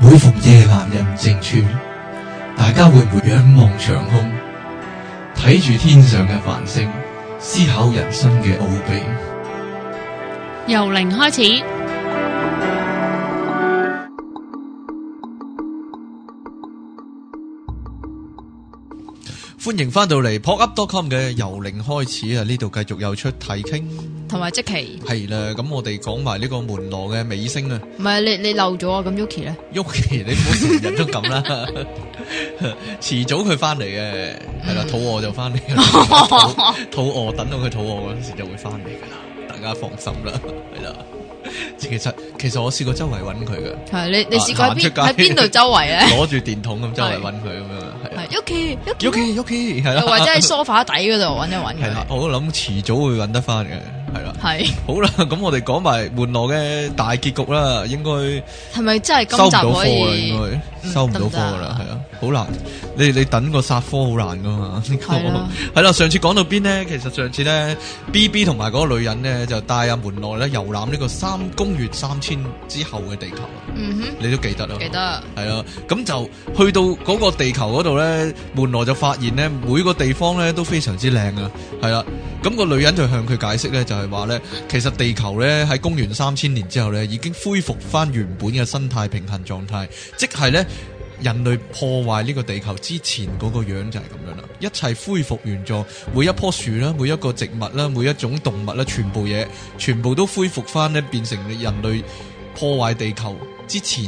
每逢夜闌人靜處，大家會唔會仰望長空，睇住天上嘅繁星，思考人生嘅奧秘？由零開始，歡迎翻到嚟 pokup.com、ok、嘅由零開始啊！呢度繼續又出體傾。同埋即期係啦，咁我哋講埋呢個門廊嘅尾聲啊。唔係，你你漏咗啊？咁 Yuki 咧 y k i 你唔好成日都咁啦，遲早佢翻嚟嘅。係啦，肚餓就翻嚟，肚餓等到佢肚餓嗰陣時就會翻嚟噶啦，大家放心啦，係啦。其實其實我試過周圍揾佢噶，係你你試過喺邊度周圍咧？攞住電筒咁周圍揾佢咁樣，係 Yuki Yuki y 係啦，或者喺梳化底嗰度揾一揾。係啦，我諗遲早會揾得翻嘅。係啦，係是好啦，咁我哋講埋門羅嘅大結局啦，應該係咪真係收唔到貨啦？應該、嗯、收唔到貨噶啦，係、嗯、啊，好難，你你等個殺科好難噶嘛？係啊了，啦， 上次講到邊咧？其實上次咧，B B 同埋嗰個女人咧，就帶阿門羅咧遊覽呢個三公月三千之後嘅地球。嗯哼，你都記得啦？記得係啦，咁就去到嗰個地球嗰度咧，門羅就發現咧每個地方咧都非常之靚啊，係啦。咁個女人就向佢解釋咧，就係話咧，其實地球咧喺公元三千年之後咧，已經恢復翻原本嘅生態平衡狀態，即係咧人類破壞呢個地球之前嗰個樣就係咁樣啦，一切恢復原狀，每一棵樹啦，每一個植物啦，每一種動物啦，全部嘢全部都恢復翻咧，變成人類破壞地球。之前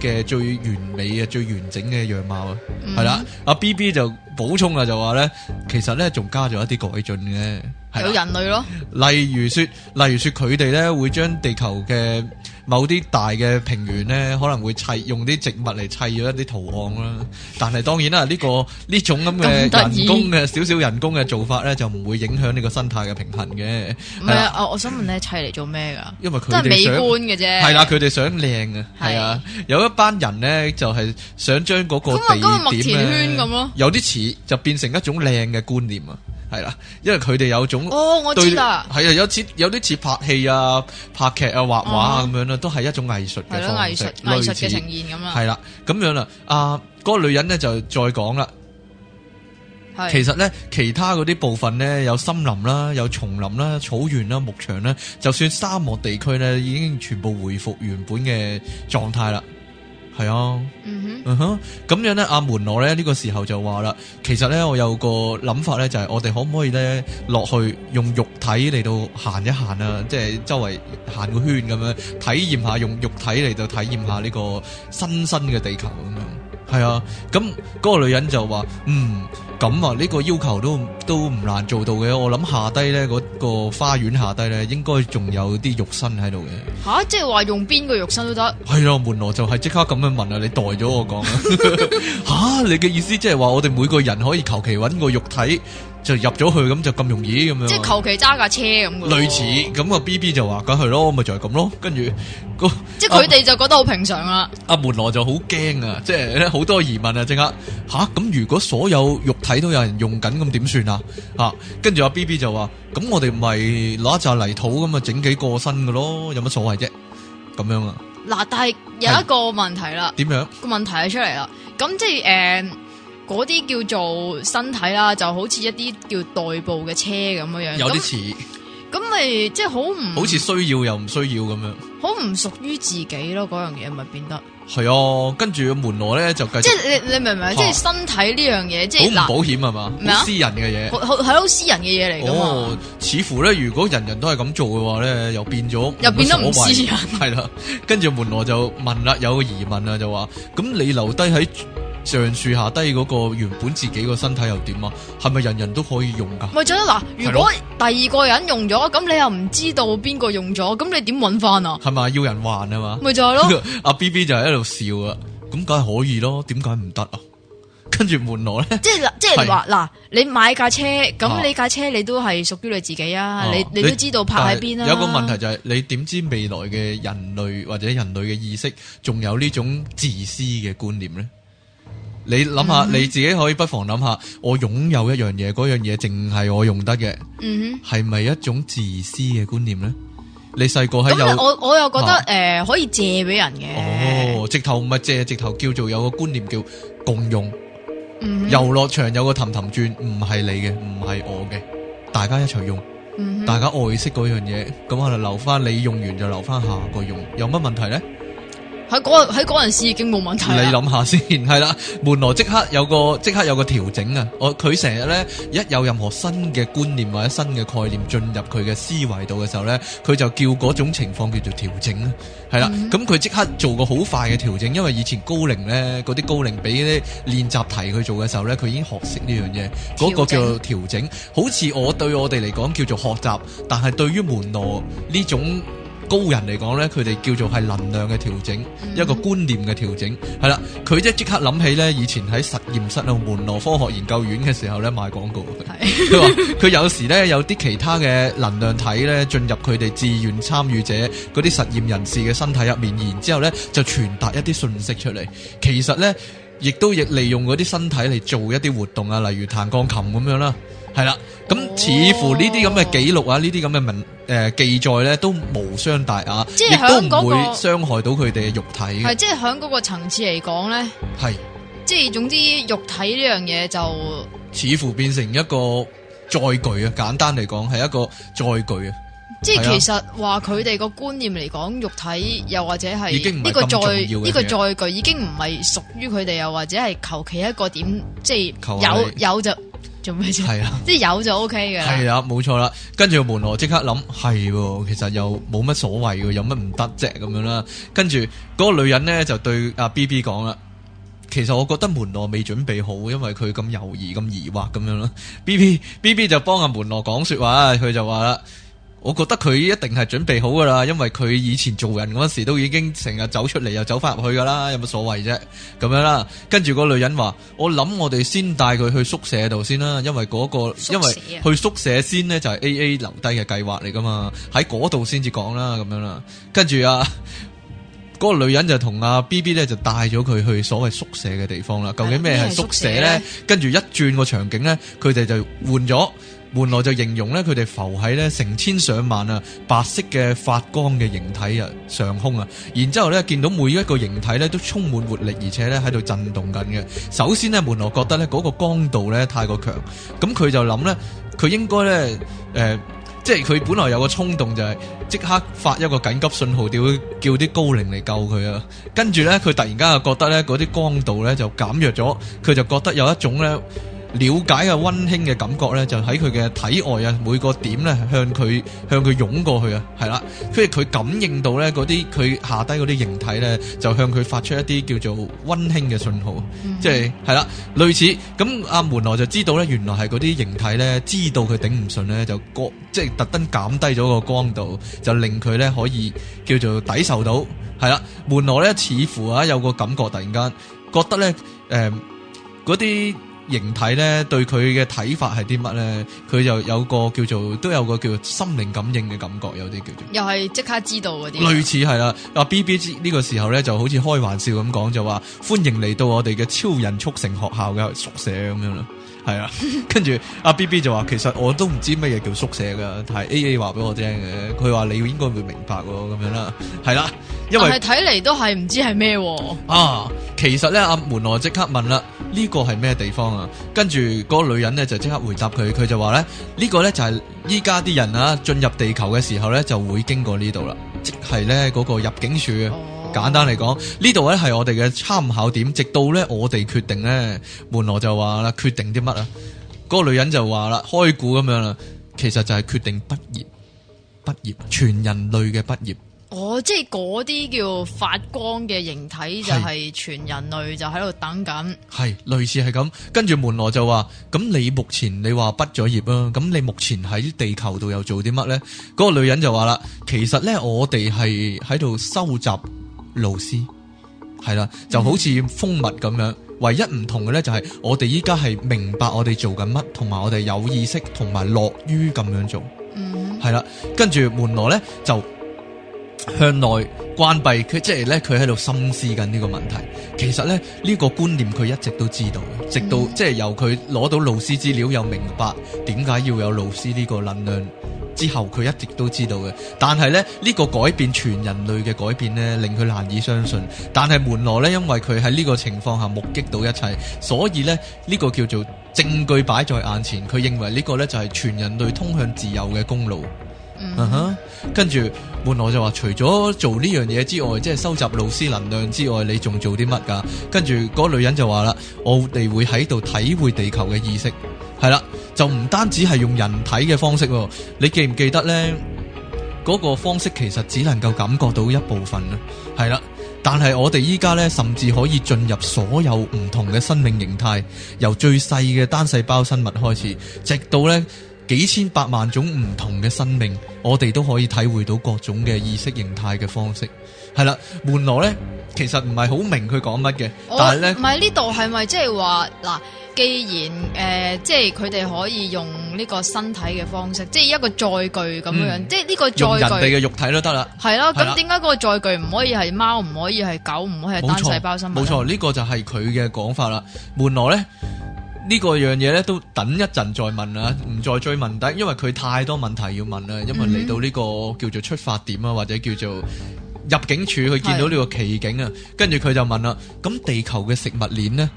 嘅最完美嘅最完整嘅樣貌。嗯、啊，係啦，阿 B B 就補充啦，就話咧，其實咧仲加咗一啲改進嘅，係有人類咯、哦，例如説，例如説佢哋咧會將地球嘅，某啲大嘅平原咧，可能會砌用啲植物嚟砌咗一啲圖案啦。但係當然啦，呢、這個呢種咁嘅人工嘅少少人工嘅做法咧，就唔會影響呢個生態嘅平衡嘅。唔係啊，我、啊、我想問咧砌嚟做咩噶？因為佢真係美觀嘅啫。係啦，佢哋想靚啊。係啊，啊，啊，有一班人咧就係、是、想將嗰個咁啊，麥田圈咁咯。有啲似就變成一種靚嘅觀念啊。係啦，因為佢哋有種哦，我知啦，係啊，有似有啲似拍戲啊、拍劇啊、畫畫啊咁樣啦，都係一種藝術嘅方式，嗯、藝術類似，藝術嘅呈現咁樣，係啦，咁樣啦，啊，嗰、呃那個女人呢，就再講啦是，其實咧其他嗰啲部分呢，有森林啦、有叢林啦、草原啦、牧場啦，就算沙漠地區咧已經全部回復原本嘅狀態啦。係啊，嗯哼，嗯哼，咁樣咧、啊，阿門羅咧呢、呢個時候就話啦，其實咧我有個諗法咧，就係、是、我哋可唔可以咧落去用肉體嚟到行一行啊，即係周圍行個圈咁樣，體驗下用肉體嚟到體驗下呢個新生嘅地球咁樣。係啊，咁嗰、嗯那個女人就話，嗯，咁啊，呢、這個要求都都唔難做到嘅。我諗下低咧，嗰、那個花園下低咧，應該仲有啲肉身喺度嘅。吓、啊，即係話用邊個肉身都得。係啊，門羅就係即刻咁樣問 啊，你代咗我講啊？吓，你嘅意思即係話，我哋每個人可以求其揾個肉體。就入咗去咁就咁容易咁樣，即係求其揸架車咁。類似咁個、嗯、B B 就話，梗係咯，咪就係咁咯。跟住即係佢哋就覺得好平常啦。阿門羅就好驚啊，即係好多疑問啊！即刻吓咁，如果所有肉體都有人用緊咁點算啊？啊，跟住阿 B B 就話，咁我哋咪攞一扎泥土咁啊，整幾個身噶咯，有乜所謂啫？咁樣啊？嗱，但係有一個問題啦，點樣個問題出嚟啦？咁即係誒。欸嗰啲叫做身體啦，就好似一啲叫代步嘅車咁樣樣，有啲似，咁咪即係好唔好似需要又唔需要咁樣，好唔屬於自己咯，嗰樣嘢咪變得係啊，跟住門羅咧就繼續即係你你明唔明啊？即係身體呢樣嘢，即係麼好唔保險係嘛，私人嘅嘢，係咯私人嘅嘢嚟噶嘛。似乎咧，如果人人都係咁做嘅話咧，又變咗又，又變得唔私人係啦。跟住 門羅就問啦，有個疑問啊，就話咁你留低喺。上樹下低嗰個原本自己個身體又點啊？係咪人人都可以用噶？咪就得嗱？如果第二個人用咗，咁的你又唔知道邊個用咗，咁你點搵翻啊？係咪要人還啊？嘛咪就係咯。阿 B B 就喺度笑啊笑，咁梗係可以咯。點解唔得啊？跟住門羅咧，即係即係話嗱，你買架車，咁你架車你都係屬於你自己啊。啊你你都知道泊喺邊啊？有個問題就係、是、你點知未來嘅人類或者人類嘅意識仲有呢種自私嘅觀念咧？你諗下，mm hmm. 你自己可以不妨諗下，我擁有一樣嘢，嗰樣嘢淨係我用得嘅，係咪、mm hmm. 一種自私嘅觀念呢？你細個喺遊樂場我我又覺得誒麼、呃，可以借俾人嘅。哦，直頭唔係借，直頭叫做有個觀念叫共用。嗯、mm，遊、hmm. 樂場有個氹氹轉，唔係你嘅，唔係我嘅，大家一齊用，mm hmm. 大家愛惜嗰樣嘢。咁我哋留翻你用完就留翻下個用，有乜問題呢？喺嗰喺嗰陣時已經冇問題。你諗下先，係啦，門羅即刻有個即刻有個調整啊！我佢成日呢，一有任何新嘅觀念或者新嘅概念進入佢嘅思維度嘅時候呢，佢就叫嗰種情況叫做調整啦，啊。係啦，咁佢即刻做個好快嘅調整，因為以前高齡呢，嗰啲高齡俾啲練習題佢做嘅時候呢，佢已經學識呢樣嘢，嗰個叫調整。好似我對我哋嚟講叫做學習，但係對於門羅呢種。高人嚟講呢，佢哋叫做係能量嘅調整，嗯、哼一個觀念嘅調整，係啦。佢即即刻諗起呢，以前喺實驗室度，門羅科學研究院嘅時候呢，賣廣告。佢話佢有時呢，有啲其他嘅能量體呢進入佢哋自願參與者嗰啲實驗人士嘅身體入面，然之後呢，就傳達一啲信息出嚟。其實呢，亦都亦利用嗰啲身體嚟做一啲活動啊，例如彈鋼琴咁樣啦，係啦。咁似乎呢啲咁嘅記錄啊，呢啲咁嘅文。誒、呃，記載咧都無傷大雅，亦都唔會傷害到佢哋嘅肉體。係即係喺嗰個層次嚟講咧，係是即係總之肉體呢樣嘢就似乎變成一個載具啊！簡單嚟講，係一個載具啊！即係其實話佢哋個觀念嚟講，嗯、肉體又或者係呢個載呢個載具已經唔係屬於佢哋，又或者係求其一個點，即係有有就。做咩啫？係啊，即係有就 O K 嘅。係啊，冇錯啦。跟住門羅即刻諗，係其實又冇乜所謂嘅，有乜唔得啫咁樣啦。跟住嗰個女人咧就對阿 B B 講啦，其實我覺得門羅未準備好，因為佢咁猶豫、咁疑惑咁樣啦。B B B B 就幫阿門羅講說話，佢就話啦。我覺得佢一定係準備好噶啦，因為佢以前做人嗰時都已經成日走出嚟又走翻入去噶啦，有乜所謂啫？咁樣啦，跟住個女人話：我諗我哋先帶佢去宿舍度先啦，因為嗰個屎因為去宿舍先呢，就係 A A 留低嘅計劃嚟噶嘛，喺嗰度先至講啦，咁樣啦。跟住啊，嗰個女人就同阿 B B 咧就帶咗佢去所謂宿舍嘅地方啦。究竟咩係宿舍呢？跟住、啊、一轉個場景呢，佢哋就換咗。門羅就形容咧，佢哋浮喺咧成千上萬啊白色嘅發光嘅形體啊上空啊，然之後咧見到每一個形體咧都充滿活力，而且咧喺度震動緊嘅。首先咧，門羅覺得咧嗰個光度咧太過強，咁佢就諗咧，佢應該咧，誒、呃，即係佢本來有個衝動就係即刻發一個緊急信號，點叫啲高靈嚟救佢啊。跟住咧，佢突然間就覺得咧嗰啲光度咧就減弱咗，佢就覺得有一種咧。了解嘅溫馨嘅感覺咧，就喺佢嘅體外啊，每個點咧向佢向佢湧過去啊，係啦，即係佢感應到咧嗰啲佢下低嗰啲形體咧，就向佢發出一啲叫做溫馨嘅訊號，嗯、哼即係係啦，類似咁。阿、啊、門羅就知道咧，原來係嗰啲形體咧知道佢頂唔順咧，就光即係特登減低咗個光度，就令佢咧可以叫做抵受到，係啦。門羅咧似乎啊有個感覺，突然間覺得咧誒嗰啲。呃形體咧，對佢嘅睇法係啲乜咧？佢就有個叫做，都有個叫做心靈感應嘅感覺，有啲叫做，又係即刻知道嗰啲。類似係啦，阿 B B 呢個時候咧，就好似開玩笑咁講，就話歡迎嚟到我哋嘅超人速成學校嘅宿舍咁樣啦，係啊。跟住阿 B B 就話，其實我都唔知乜嘢叫宿舍噶，係 A A 話俾我聽嘅，佢話、嗯、你要應該會明白咁樣啦，係啦。因為睇嚟都係唔知係咩、啊。啊，其實咧，阿門羅即刻問啦。呢個係咩地方啊？跟住嗰個女人呢，就即刻回答佢，佢就話呢，呢、呢個呢，就係依家啲人啊進入地球嘅時候呢，就會經過呢度啦，即係呢嗰、嗰個入境處。簡單嚟講，呢度呢係我哋嘅參考點。直到呢我哋決定呢，門羅就話啦，決定啲乜啊？嗰、嗰個女人就話啦，開估咁樣啦，其實就係決定畢業，畢業全人類嘅畢業。哦，即係嗰啲叫發光嘅形體，係，就係全人類就喺度等緊，係類似係咁。跟住門羅就話：咁你目前你話畢咗業啊？咁你目前喺地球度又做啲乜呢？那嗰個女人就話啦：其實呢，我哋係喺度收集露絲，係啦，就好似蜂蜜咁樣。嗯、唯一唔同嘅、就是嗯、呢，就係我哋依家係明白我哋做緊乜，同埋我哋有意識同埋樂於咁樣做。嗯，係啦。跟住門羅呢就向內關閉，佢即係咧，佢喺度深思緊呢個問題。其實咧，呢個觀念佢一直都知道嘅，直到、嗯、即係由佢攞到老師資料，又明白點解要有老師呢個能量之後，佢一直都知道嘅。但係咧，呢個改變全人類嘅改變呢，令佢難以相信。但係門羅呢，因為佢喺呢個情況下目擊到一切，所以呢，呢個叫做證據擺在眼前，佢認為呢個呢，就係全人類通向自由嘅公路。嗯哼，跟住門羅就話除咗做呢樣嘢之外，即係收集老師能量之外，你仲做啲乜㗎？跟住嗰女人就話啦，我哋會喺度體會地球嘅意識，係啦，就唔單止係用人體嘅方式。你記唔記得呢？嗰、那個方式其實只能夠感覺到一部分啊，係啦。但係我哋依家呢，甚至可以進入所有唔同嘅生命形態，由最細嘅單細胞生物開始，直到呢。幾千百萬種唔同嘅生命，我哋都可以體會到各種嘅意識形態嘅方式。係啦，門羅咧，其實唔係好明佢講乜嘅。但係咧，唔係呢度係咪即係話嗱？既然誒、呃，即係佢哋可以用呢個身體嘅方式，即係一個載具咁樣樣，嗯、即係呢個載具用人哋嘅肉體都得啦。係咯，咁點解嗰個載具唔可以係貓，唔可以係狗，唔可以係單細胞生物？冇錯，呢、呢個就係佢嘅講法啦。門羅咧。呢個樣嘢呢都等一陣再問啊，唔、嗯、再追問。但因為佢太多問題要問啦，因為嚟到呢、這個、嗯、叫做出發點啊，或者叫做入境處去見到呢個奇景啊，跟住佢就問啦：咁地球嘅食物鏈呢？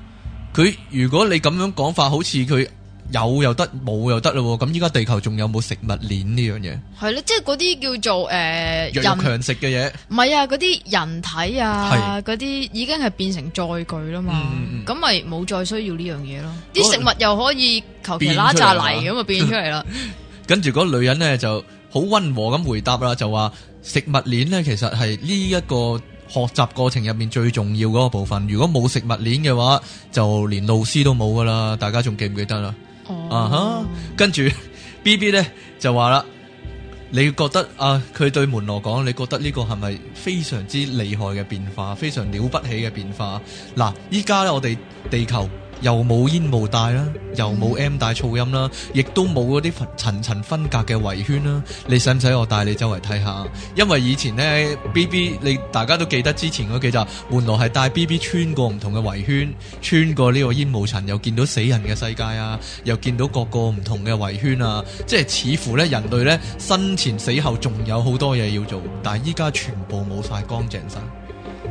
佢如果你咁樣講法，好似佢。有又得，冇又得咯。咁依家地球仲有冇食物鏈呢樣嘢？係咯，即係嗰啲叫做誒、呃、弱肉強食嘅嘢。唔係啊，嗰啲人體啊，嗰啲是已經係變成載具啦嘛。咁咪冇再需要呢樣嘢咯。啲、那個、食物又可以求其拉扎嚟咁啊變出嚟啦。 跟住嗰個女人呢就好溫和咁回答啦，就話食物鏈呢其實係呢一個學習過程入面最重要嗰個部分。如果冇食物鏈嘅話，就連老師都冇噶啦。大家仲記唔記得啦？啊吓，uh huh. 跟住 B B 咧就話啦，你覺得啊佢、呃、對門羅講，你覺得呢個係咪非常之厲害嘅變化，非常了不起嘅變化？嗱，依家咧我哋地球。又冇煙霧帶啦，又冇 M 帶噪音啦，亦都冇嗰啲層層分隔嘅圍圈啦。你使唔使我帶你周圍睇下？因為以前呢 B B，你大家都記得之前嗰幾集，門羅係帶 B B 穿過唔同嘅圍圈，穿過呢個煙霧層，又見到死人嘅世界啊，又見到各個唔同嘅圍圈啊，即係似乎呢，人類呢，生前死後仲有好多嘢要做，但係依家全部冇晒，乾淨晒。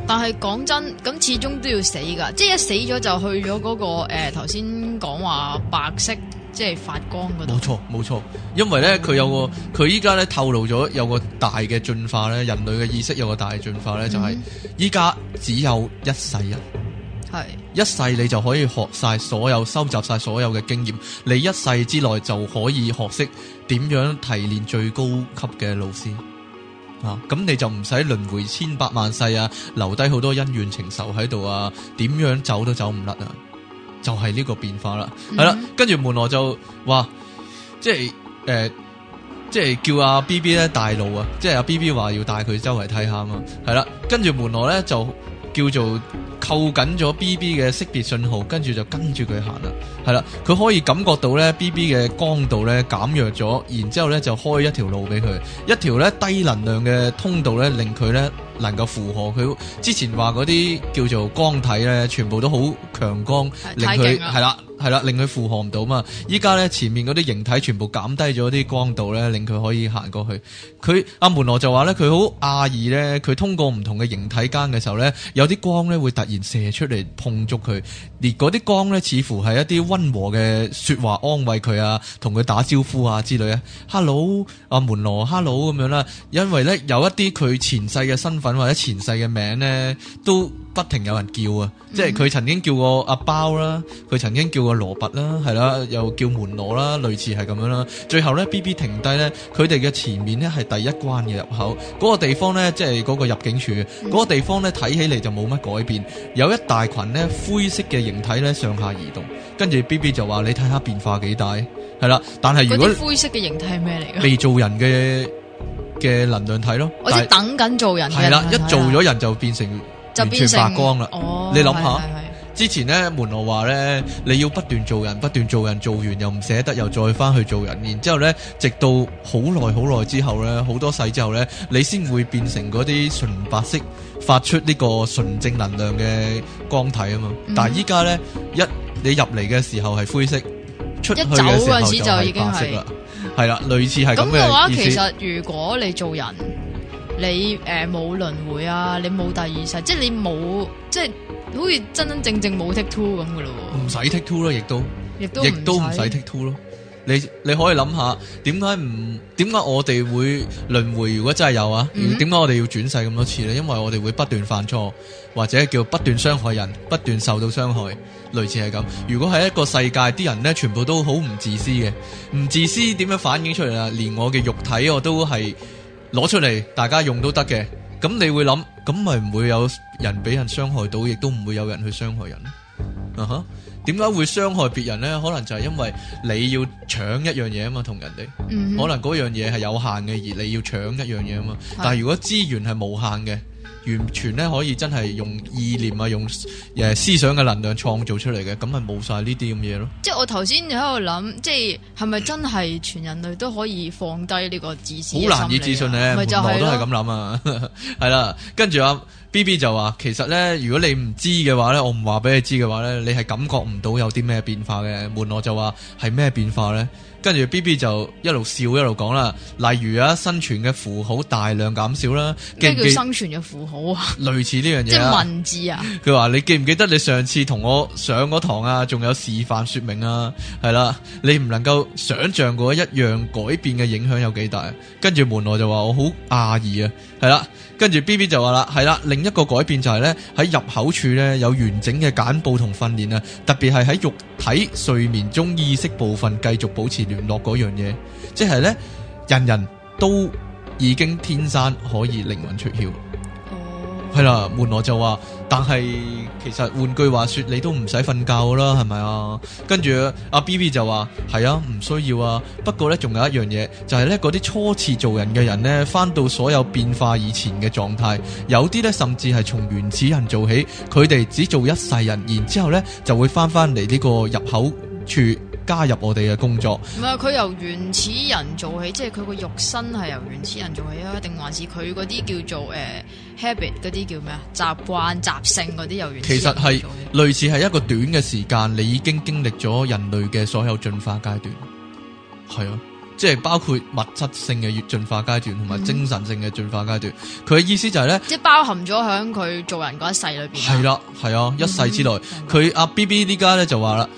但係講真，咁始終都要死噶，即係一死咗就去咗嗰、嗰個誒，頭先講話白色即係發光嗰度。冇錯，冇錯，因為呢，佢、嗯、有個，佢依家咧透露咗有個大嘅進化咧，人類嘅意識有個大嘅進化呢，就係依家只有一世人，係是一世你就可以學晒所有收集晒所有嘅經驗，你一世之內就可以學識點樣提煉最高級嘅老師。啊！咁你就唔使輪回千百萬世啊，留低好多恩怨情仇喺度啊，點樣走都走唔甩啊！就係、是、呢個變化啦，係啦、mm，跟、hmm. 住門羅就話，即係誒、呃，即係叫阿、啊、B B 咧帶路啊，即係阿、啊、B B 話要帶佢周圍睇下啊嘛，係啦，跟住門羅咧就。叫做扣緊咗 B B 嘅識別信號，跟住就跟住佢行啦，係啦，佢可以感覺到咧 B B 嘅光度咧減弱咗，然之後咧就開一條路俾佢，一條咧低能量嘅通道咧令佢咧能夠符合佢之前話嗰啲叫做光體咧全部都好強光，令佢係啦。係啦，令佢負荷唔到嘛。依家咧，前面嗰啲形體全部減低咗啲光度咧，令佢可以行過去。佢阿、啊、門羅就話咧，佢好訝異咧，佢通過唔同嘅形體間嘅時候咧，有啲光咧會突然射出嚟碰觸佢，而嗰啲光咧似乎係一啲温和嘅說話安慰佢啊，同佢打招呼啊之類 Hello, 啊。Hello，阿門羅，Hello 咁樣啦。因為咧有一啲佢前世嘅身份或者前世嘅名咧都。不停有人叫啊！即係佢曾經叫過阿包啦，佢曾經叫過羅拔啦，係啦，又叫門羅啦，類似係咁樣啦。最後咧，B B 停低咧，佢哋嘅前面咧係第一關嘅入口嗰，嗯、個地方咧，即係嗰個入境處嗰，嗯、個地方咧，睇起嚟，就冇乜改變。有一大群咧灰色嘅形體咧上下移動，跟住 B B 就話你睇下變化幾大，係啦。但係如果灰色嘅形體係咩嚟嘅？未做人嘅嘅能量體咯。我哋知但等緊做人的。係啦，一做咗人就變成。就變成白光啦！哦、你諗下，是是是是之前咧門羅話咧，你要不斷做人，不斷做人，做完又唔捨得，又再翻去做人，然之後咧，直到好耐好耐之後咧，好多世之後咧，你先會變成嗰啲純白色，發出呢個純正能量嘅光體啊嘛！但係依家咧，嗯、一你入嚟嘅時候係灰色，出一走嗰陣時候就已經係白色啦，係啦，類似係咁嘅嘅話，其實，其實如果你做人。你誒冇輪回啊，你冇第二世，即係你冇，即係好似真真正正冇 take two 咁噶咯。唔使 take two 啦，亦都亦都亦都唔使 take two 咯。你你可以諗下，點解唔點解我哋會輪回？如果真係有啊，點解、mm hmm. 我哋要轉世咁多次咧？因為我哋會不斷犯錯，或者叫不斷傷害人，不斷受到傷害，類似係咁。如果喺一個世界，啲人咧全部都好唔自私嘅，唔自私點樣反映出嚟啊？連我嘅肉體我都係。攞出嚟，大家用都得嘅。咁你會諗，咁咪唔會有人俾人傷害到，亦都唔會有人去傷害人。啊點解會傷害別人呢？可能就係因為你要搶一樣嘢啊嘛，同人哋。Mm hmm. 可能嗰樣嘢係有限嘅，而你要搶一樣嘢啊嘛。Mm hmm. 但係如果資源係無限嘅。完全咧可以真係用意念啊，用誒思想嘅能量創造出嚟嘅，咁係冇晒呢啲咁嘢咯。即係我頭先喺度諗，即係係咪真係全人類都可以放低呢個自私？好難以置信咧，我、就是、門羅都係咁諗啊，係啦。跟住阿 B B 就話：其實咧，如果你唔知嘅話咧，我唔話俾你知嘅話咧，你係感覺唔到有啲咩變化嘅。門羅就話係咩變化咧？跟住 B B 就一路笑一路講啦，例如啊，生存嘅符號大量減少啦。咩叫生存嘅符號啊？類似呢樣嘢、啊。即係文字啊！佢話你記唔記得你上次同我上嗰堂啊，仲有示範說明啊，係啦，你唔能夠想象嗰一樣改變嘅影響有幾大。跟住門羅就話我好訝異啊。係啦，跟住 B B 就話啦，係啦，另一個改變就係咧，喺入口處咧有完整嘅簡報同訓練啊，特別係喺肉體睡眠中意識部分繼續保持聯絡嗰樣嘢，即係咧人人都已經天生可以靈魂出竅。係啦，門羅就話，但係其實換句話說，你都唔使瞓覺啦，係咪啊，啊？跟住阿 B B 就話，係啊，唔需要啊。不過呢，仲有一樣嘢，就係、是、呢嗰啲初次做人嘅人呢，翻到所有變化以前嘅狀態，有啲呢，甚至係從原始人做起，佢哋只做一世人，然之後呢就會翻翻嚟呢個入口。處加入我哋嘅工作，唔係佢由原始人做起，即係佢個肉身係由原始人做起啊？定還是佢嗰啲叫做誒 habit 嗰啲叫咩啊？習慣習性嗰啲由原始人做？其實係類似係一個短嘅時間，你已經經歷咗人類嘅所有進化階段，係啊，即係包括物質性嘅進化階段同埋精神性嘅進化階段。佢嘅、嗯、哼意思就係、是、咧，即係包含咗喺佢做人嗰一世裏邊，係啦，係啊，啊啊嗯、哼一世之內，佢阿 B B 呢家咧，就話啦。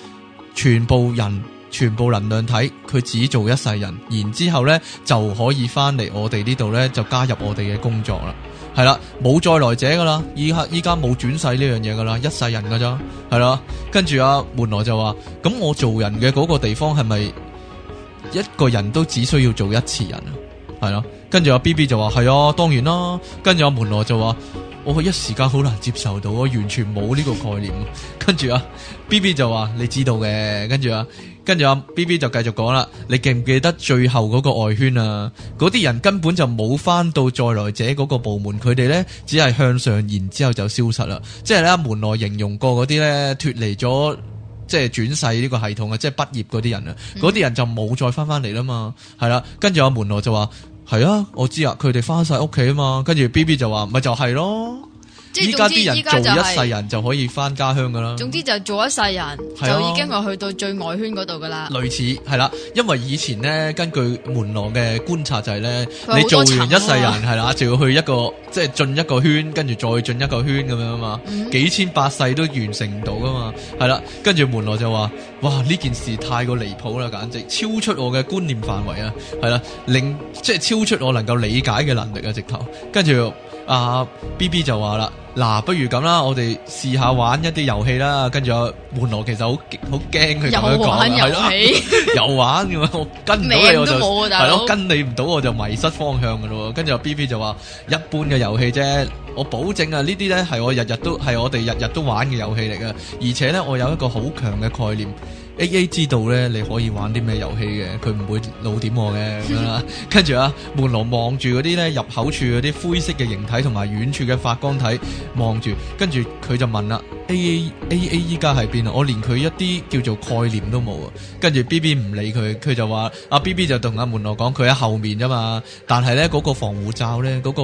全部人全部能量體，佢只做一世人，然之後咧就可以翻嚟我哋呢度呢，就加入我哋嘅工作啦。係啦，冇再來者噶啦，依下依家冇轉世呢樣嘢噶啦，一世人噶咋，係啦。跟住阿門羅就話：，咁我做人嘅嗰個地方係咪一個人都只需要做一次人啊？係咯。跟住阿 B B 就話：，係啊，當然啦。跟住阿門羅就話。我、哦、一時間好難接受到，啊，完全冇呢個概念。 跟住啊，B B 就話，你知道嘅。跟住啊，跟住啊，B B 就繼續講啦。你記唔記得最後嗰個外圈啊？嗰啲人根本就冇翻到再來者嗰個部門，佢哋呢只係向上，然之後就消失啦。即係咧門羅形容過嗰啲呢脫離咗，即係轉世呢個系統畢、嗯、啊，即係畢業嗰啲人啊，嗰啲人就冇再翻翻嚟啦嘛。係啦，跟住阿門羅就話。係啊，我知啊，佢哋翻晒屋企啊嘛，跟住 BB 就話，咪就係咯。即係依家啲人做一世人就可以翻家鄉噶啦。總之就係做一世人就已經話去到最外圈嗰度噶啦。類似係啦、啊，因為以前咧根據門羅嘅觀察就係、是、咧，你做完一世人係啦、啊，就要去一個即係進一個圈，跟住再進一個圈咁樣啊嘛。幾千百世都完成唔到噶嘛，係啦、啊。跟住門羅就話：哇呢件事太過離譜啦，簡直超出我嘅觀念範圍啊！係啦、啊，令即係超出我能夠理解嘅能力啊！直頭跟住。阿 B B 就話啦，嗱，不如咁啦，我哋試下玩一啲遊戲啦。跟住阿門羅其實好好驚佢咁樣講，係咯，又了 玩嘅，我跟唔到你， 我就係咯，跟你唔到我就迷失方向嘅咯。跟住 B B 就話一般嘅遊戲啫，我保證啊，呢啲咧係我日日都係我哋日日都玩嘅遊戲嚟噶，而且咧我有一個好強嘅概念。A A 知道咧，你可以玩啲咩遊戲嘅，佢唔會老點我嘅咁 樣啦。跟住啊，門羅望住嗰啲咧入口處嗰啲灰色嘅形體同埋遠處嘅發光體望住，跟住佢就問啦，啊：A A A A 依家喺邊啊？我連佢一啲叫做概念都冇啊！跟住 B B 唔理佢，佢就話：阿 B B 就同阿門羅講，佢喺後面啫嘛。但係咧嗰個防護罩咧，嗰個、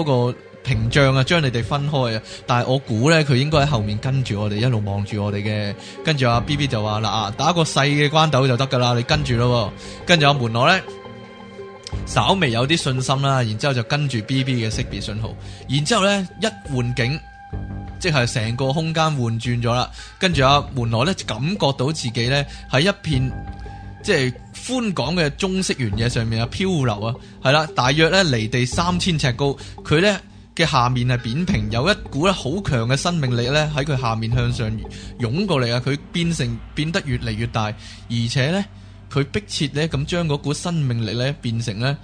嗰個。嗰個屏障啊，將你哋分開啊！但係我估咧，佢應該喺後面跟住我哋一路望住我哋嘅。跟住阿 B B 就話啦啊，打個細嘅關斗就得噶啦，你跟住咯。跟住阿門羅咧，稍微有啲信心啦，然之後就跟住 B B 嘅識別信號。然之後咧，一換景，即係成個空間換轉咗啦。跟住阿門羅咧，感覺到自己咧喺一片即係寬廣嘅中式原野上面啊漂流啊，係啦，大約咧離地三千尺高，佢咧。嘅下面係扁平，有一股咧好強嘅生命力咧喺佢下面向上湧過嚟啊！佢變成變得越嚟越大，而且呢，佢迫切咧咁將嗰股生命力咧變成咧。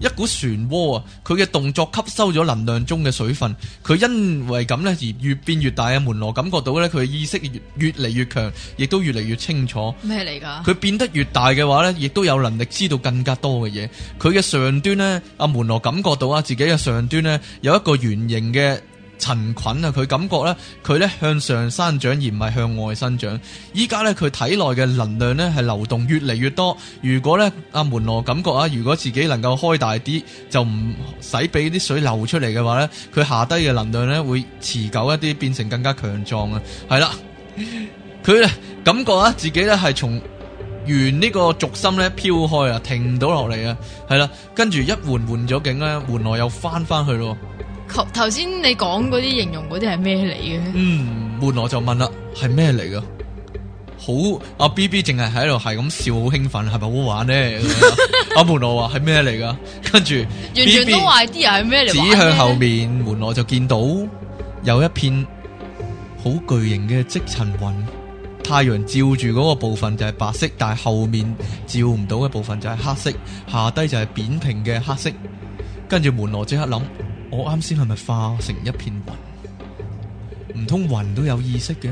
一股漩渦啊！佢嘅動作吸收咗能量中嘅水分，佢因為咁咧而越變越大阿、啊、門羅感覺到咧，佢嘅意識越越嚟越強，亦都越嚟越清楚。咩嚟㗎？佢變得越大嘅話呢亦都有能力知道更加多嘅嘢。佢嘅上端呢阿、啊、門羅感覺到啊，自己嘅上端呢，有一個圓形嘅。塵陳菌啊，佢感覺咧，佢咧向上生長而唔係向外生長。依家咧，佢體內嘅能量咧係流動越嚟越多。如果咧，阿、啊、門羅感覺啊，如果自己能夠開大啲，就唔使俾啲水流出嚟嘅話咧，佢下低嘅能量咧會持久一啲，變成更加強壯啊。係啦，佢咧感覺啊自己咧係從圓呢個軸心咧飄開啊，停唔到落嚟啊。係啦，跟住一換換咗境咧，門羅又翻翻去咯。頭先你講嗰啲形容嗰啲係咩嚟嘅？嗯，門羅就問啦，係咩嚟噶？好，阿 B B 淨係喺度係咁笑，好興奮，係咪好玩呢？阿、 啊、門羅話係咩嚟噶？跟住 BB 完全都壞啲，係咩嚟？指向後面，門羅就見到有一片好巨型嘅積塵雲，太陽照住嗰個部分就係白色，但係後面照唔到嘅部分就係黑色，下低就係扁平嘅黑色。跟住門羅即刻諗。我啱先係咪化成一片雲？唔通雲都有意識嘅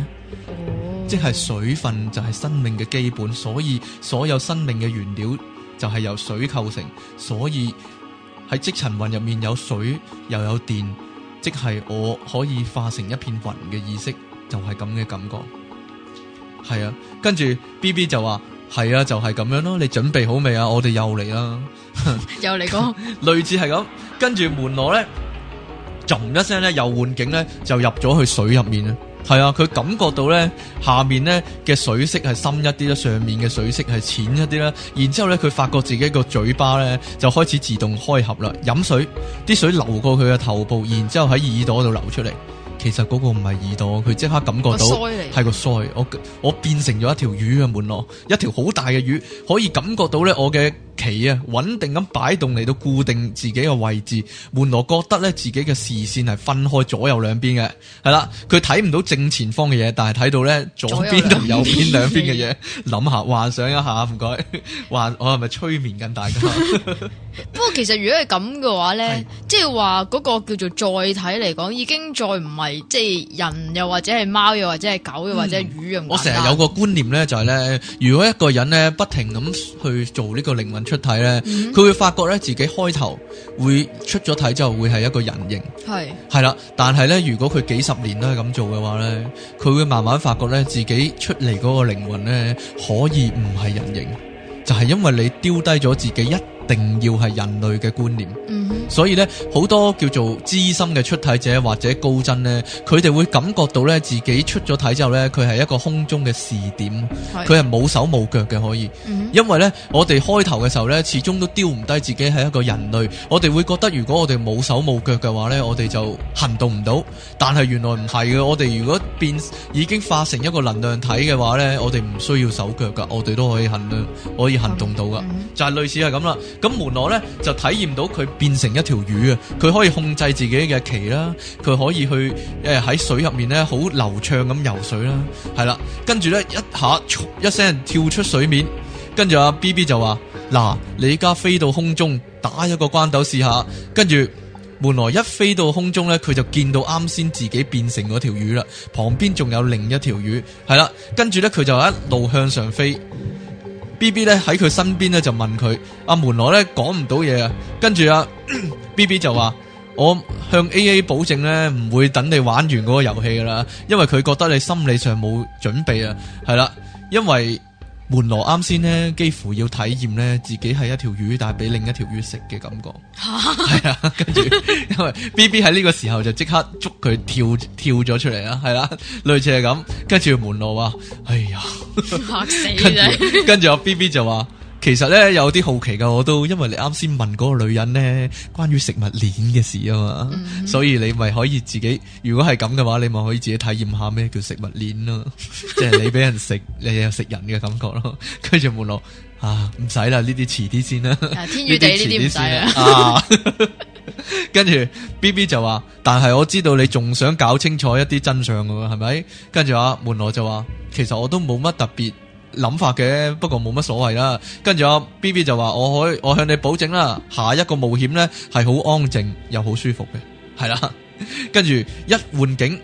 ？Oh. 即係水分就係生命嘅基本，所以所有生命嘅原料就係由水構成。所以喺即塵雲入面有水又有電，即係我可以化成一片雲嘅意識，就係咁嘅感覺。係啊，跟住 BB 就話係啊，就係、是、咁樣咯。你準備好未啊？我哋又嚟啦，又嚟講，類似係咁。跟住門羅呢。一聲咧，又換景咧，就入咗去水入面啦。係啊，佢感覺到咧，下面咧嘅水色係深一啲啦，上面嘅水色係淺一啲啦。然之後咧，佢發覺自己個嘴巴咧就開始自動開合啦，飲水，啲水流過佢嘅頭部，然之後喺耳朵度流出嚟。其實嗰個唔係耳朵，佢即刻感覺到係個腮。我我變成咗一條魚嘅門咯，一條好大嘅魚，可以感覺到咧我嘅。企啊，穩定咁擺動嚟到固定自己嘅位置，門羅覺得咧自己嘅視線係分開左右兩邊嘅，係啦，佢睇唔到正前方嘅嘢，但係睇到咧左邊同右邊兩邊嘅嘢，諗下幻想一下，唔該話我係咪催眠緊大家？不過其實如果係咁嘅話咧，是即係話嗰個叫做載體嚟講已經再唔係即係人又或者係貓又或者係狗又或者係魚又、嗯、我成日有個觀念咧就係、是、咧，如果一個人咧不停咁去做呢個靈魂。出體咧，佢、嗯、會發覺咧自己開頭會出咗體就會係一個人形，係係啦。但係咧，如果佢幾十年都係咁做嘅話咧，佢會慢慢發覺咧自己出嚟嗰個靈魂咧可以唔係人形，就係、是、因為你丟低咗自己一定要係人類嘅觀念，嗯、哼所以呢，好多叫做資深嘅出體者或者高真呢，佢哋會感覺到呢，自己出咗體之後呢，佢係一個空中嘅視點，佢係冇手冇腳嘅可以，嗯、哼因為呢，我哋開頭嘅時候呢，始終都丟唔低自己係一個人類，我哋會覺得如果我哋冇手冇腳嘅話呢，我哋就行動唔到，但係原來唔係嘅，我哋如果變已經化成一個能量體嘅話呢，我哋唔需要手腳噶，我哋都可以行，可以行動到噶，嗯、哼就係類似係咁啦。咁門羅咧就體驗到佢變成一條魚啊！佢可以控制自己嘅鰭啦，佢可以去誒喺、呃、水入面咧好流暢咁游水啦，係啦。跟住咧一下一聲跳出水面，跟住阿、啊、B B 就話：嗱，你而家飛到空中打一個關斗試下。跟住門羅一飛到空中咧，佢就見到啱先自己變成嗰條魚啦，旁邊仲有另一條魚，係啦。跟住咧佢就一路向上飛。B B 咧喺佢身邊咧就問佢：阿、啊、門羅咧講唔到嘢啊，跟住阿 B B 就話：我向 A A 保證咧唔會等你玩完嗰個遊戲噶啦，因為佢覺得你心理上冇準備啊，係啦，因為。門羅啱先咧，幾乎要體驗咧自己係一條魚，但係俾另一條魚食嘅感覺，係啊， 跟住因為 B B 喺呢個時候就即刻捉佢跳跳咗出嚟啦，係啦，類似係咁，跟住門羅話：哎呀，嚇死！」跟住我 B B 就話。其實咧，有啲好奇噶，我都因為你啱先問嗰個女人呢關於食物鏈嘅事啊嘛，嗯、哼所以你咪可以自己，如果係咁嘅話，你咪可以自己體驗下咩叫食物鏈咯， 即係你俾人食，你又食人嘅感覺咯。跟住門羅啊，唔使啦，呢啲遲啲先啦，天與地呢啲唔使啦。跟住 B B 就話，但係我知道你仲想搞清楚一啲真相噶嘛，係咪？跟住啊，門羅就話，其實我都冇乜特別諗法嘅，不過冇乜所謂啦。跟住阿 BB 就話：我可以我向你保證啦，下一個冒險咧係好安靜又好舒服嘅，係啦。跟住一換景。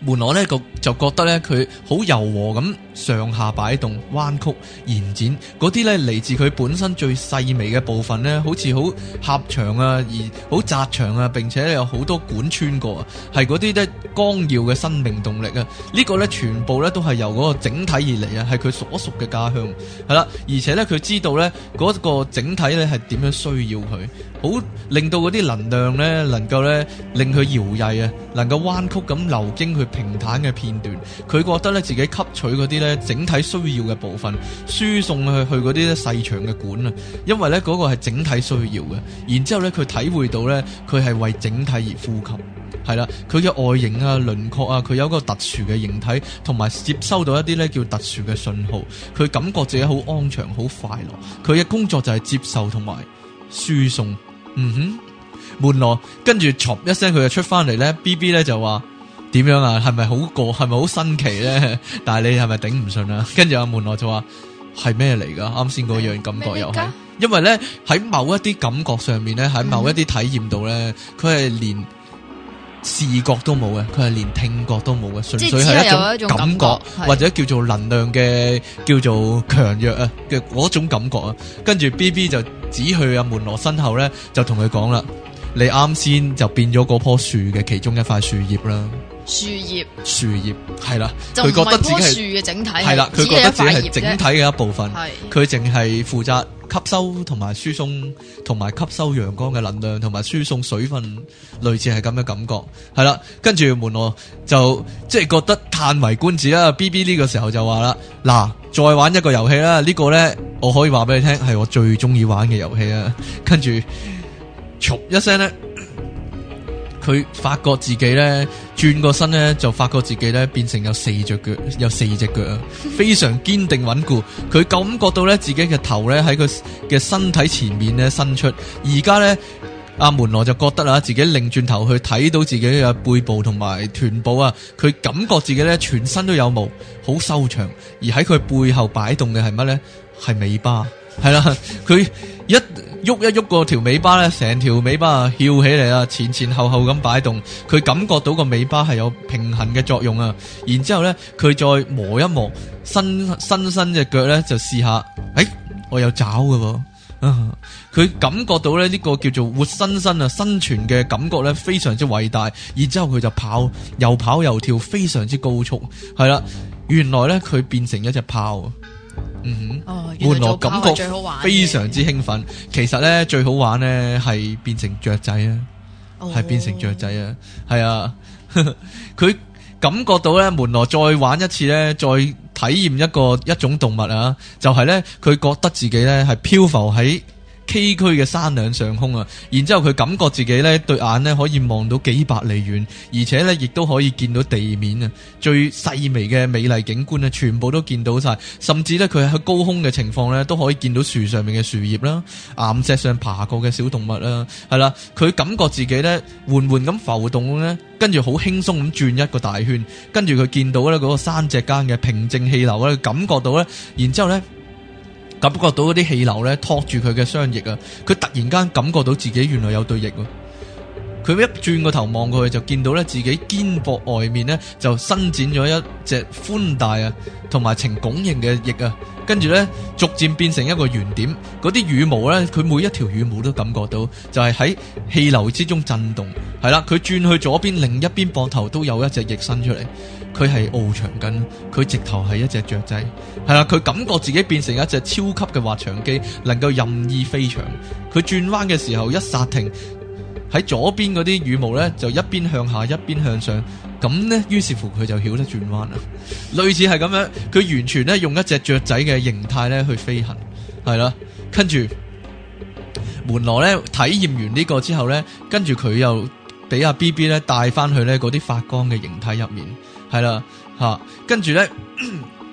門羅呢個就覺得呢，佢好柔和咁上下擺動彎曲延展嗰啲呢嚟自佢本身最細微嘅部分呢好似好狹長啊，而好窄長啊，並且呢有好多管穿過啊，係嗰啲呢光耀嘅生命動力啊！呢個呢全部呢都係由嗰個整體而嚟啊，係佢所屬嘅家鄉，係啦，而且呢，佢知道呢嗰個整體呢係點樣需要佢。好令到嗰啲能量咧，能夠咧令佢搖曳啊，能夠彎曲咁流經去平坦嘅片段。佢覺得咧自己吸取嗰啲咧整體需要嘅部分，輸送去去嗰啲細場嘅管啊。因為咧嗰個係整體需要嘅。然之後咧佢體會到咧佢係為整體而呼吸。係啦，佢嘅外形啊、輪廓啊，佢有一個特殊嘅形體，同埋接收到一啲咧叫特殊嘅信號。佢感覺自己好安詳、好快樂。佢嘅工作就係接受同埋輸送。嗯哼，門羅，跟住嘈一聲佢就出翻嚟咧，B B 咧就話，點樣啊？係咪好過？係咪好新奇咧？ 但係你係咪頂唔順啊？跟住阿門羅就話，係咩嚟噶？啱先嗰樣感覺又係，因為咧喺某一啲感覺上面咧，喺某一啲體驗度咧，佢係、嗯、連。視覺都冇嘅，佢係連聽覺都冇嘅，純粹係一種感覺，種感覺或者叫做能量嘅，叫做強弱啊嘅嗰種感覺啊。跟住 BB 就指去阿門羅身後咧，就同佢講啦：你啱先就變咗嗰棵樹嘅其中一塊樹葉啦。樹葉，樹葉係啦，佢覺得自己係棵樹嘅整體係啦，佢覺得自己係整體嘅一部分，佢淨係負責。吸收同埋輸送，同埋吸收陽光嘅能量，同埋輸送水分，類似係咁嘅感覺，係啦。跟住門羅就即係覺得嘆為觀止啦。B B 呢個時候就話啦，嗱，再玩一個遊戲啦。呢、這個呢，我可以話俾你聽，係我最中意玩嘅遊戲啊。跟住，唰一聲呢，佢發覺自己呢。轉過身呢，就發覺自己呢變成有四隻腳，有四隻腳，非常堅定穩固。佢感覺到呢自己嘅頭呢喺佢嘅身體前面呢伸出。而家呢，阿門羅就覺得啦，自己擰轉頭去睇到自己嘅背部同埋臀部啊，佢感覺自己呢全身都有毛，好修長，而喺佢背後擺動嘅係乜呢？係尾巴。係啦，佢一喐一喐個條尾巴咧，成條尾巴啊翹起嚟啊，前前後後咁擺動，佢感覺到個尾巴係有平衡嘅作用啊。然之後咧，佢再磨一磨伸伸伸隻腳咧，身身就試下，誒，我有爪嘅喎。佢 感覺到咧呢個叫做活生生啊生存嘅感覺咧，非常之偉大。然之後佢就跑，又跑又跳，非常之高速。係啦，原來咧佢變成一隻豹。嗯哼，門羅感覺非常之興奮。其實咧，最好玩咧係變成雀仔啊，係、哦、變成雀仔啊，係啊。佢感覺到咧，門羅再玩一次咧，再體驗一個一種動物啊，就係咧，佢覺得自己咧係漂浮喺崎嶇嘅山嶺上空啊，然之後佢感覺自己呢對眼呢可以望到幾百里遠，而且呢亦都可以見到地面啊，最細微嘅美麗景觀呢，全部都見到晒，甚至呢，佢喺高空嘅情況呢，都可以見到樹上面嘅樹葉啦，岩石上爬過嘅小動物啦，係啦，佢感覺自己呢緩緩咁浮動呢，跟住好輕鬆咁轉一個大圈，跟住佢見到呢嗰個山脊間嘅平靜氣流咧，感覺到呢。然之後呢。感覺到嗰啲氣流咧，拖住佢嘅雙翼啊！佢突然間感覺到自己原來有對翼。佢一轉個頭望過去，就見到咧自己肩膊外面咧就伸展咗一隻寬大啊，同埋呈拱形嘅翼啊。跟住呢逐漸變成一個圓點，嗰啲羽毛呢佢每一條羽毛都感覺到就係喺氣流之中震動。係啦，佢轉去左邊，另一邊膊頭都有一隻翼伸出嚟。佢係翱翔緊，佢直頭係一隻雀仔。係啦，佢感覺自己變成一隻超級嘅滑翔機，能夠任意飛翔。佢轉彎嘅時候一剎停。喺左邊嗰啲羽毛咧，就一邊向下一邊向上，咁咧，於是乎佢就曉得轉彎啦。 類似係咁樣，佢完全咧用一隻雀仔嘅形態咧去飛行，係啦。跟住門羅咧體驗完呢個之後咧，跟住佢又俾阿 B B 咧帶翻去咧嗰啲發光嘅形態入面，係啦吓。跟住咧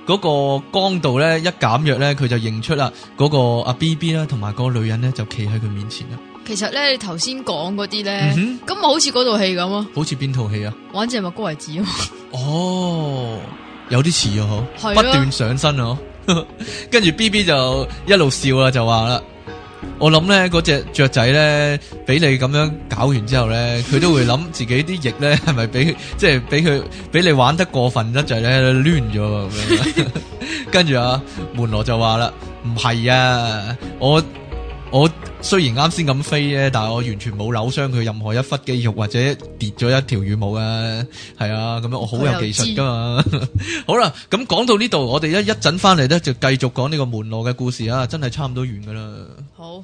嗰個光度咧一減弱咧，佢就認出啦嗰個阿 B B 啦，同埋嗰個女人咧就企喺佢面前啦。其實咧，你頭先講嗰啲咧，咁、嗯、哼好似嗰套戲咁啊？好似邊套戲啊？玩正係麥哥為主。 哦，有啲似啊，嗬！不斷上身啊，跟 住 B B 就一路笑啦，就話啦，我諗咧嗰隻雀仔咧，俾你咁樣搞完之後咧，佢都會諗自己啲翼咧係咪俾即係俾佢俾你玩得過分咗就咧攣咗。跟住 啊，門羅就話啦，唔係啊，我。我雖然啱先咁飛咧，但係我完全冇扭傷佢任何一忽肌肉，或者跌咗一條羽毛啊！係啊，咁樣我好有技術噶嘛。 好啦，咁講到呢度，我哋一一陣翻嚟咧就繼續講呢個門羅嘅故事啊！真係差唔多完噶啦。好。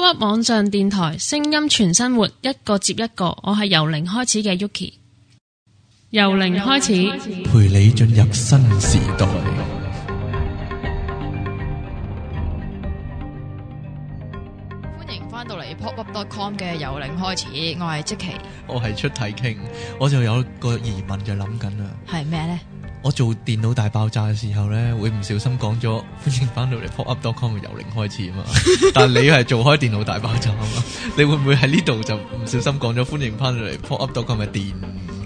波波網上電台，聲音全生活，一個接一個。我係由零開始嘅 Yuki，由零開始陪你進入新時代。歡迎翻到嚟 popup.com 嘅由零開始，我係積琪，我係出體傾，我就有個疑問就諗緊啦，係咩呢？我做電腦大爆炸嘅時候咧，會唔小心講咗歡迎翻到嚟 pop up dot com，由零開始啊嘛。但你係做開電腦大爆炸啊嘛， 你會唔會喺呢度就唔小心講咗歡迎翻到嚟 pop up dot com 嘅電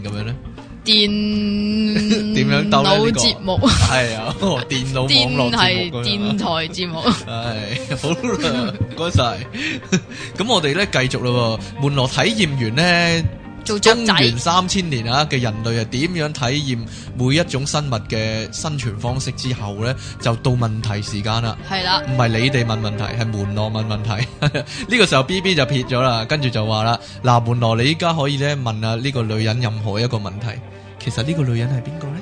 咁樣咧電、 哦？電電腦節目係啊，電腦網絡係電，電台節目。係、 哎、好，唔該晒。咁我哋咧繼續啦，謝謝 續門羅體驗員咧。公元三千年啊嘅人類啊，點樣體驗每一種生物嘅生存方式之後呢？就到問題時間啦。係啦的，唔係你哋問問題，係門羅問問題。呢 個時候 B B 就撇咗啦，跟住就話啦，嗱，門羅你依家可以咧問啊呢個女人任何一個問題。其實呢個女人係邊個呢？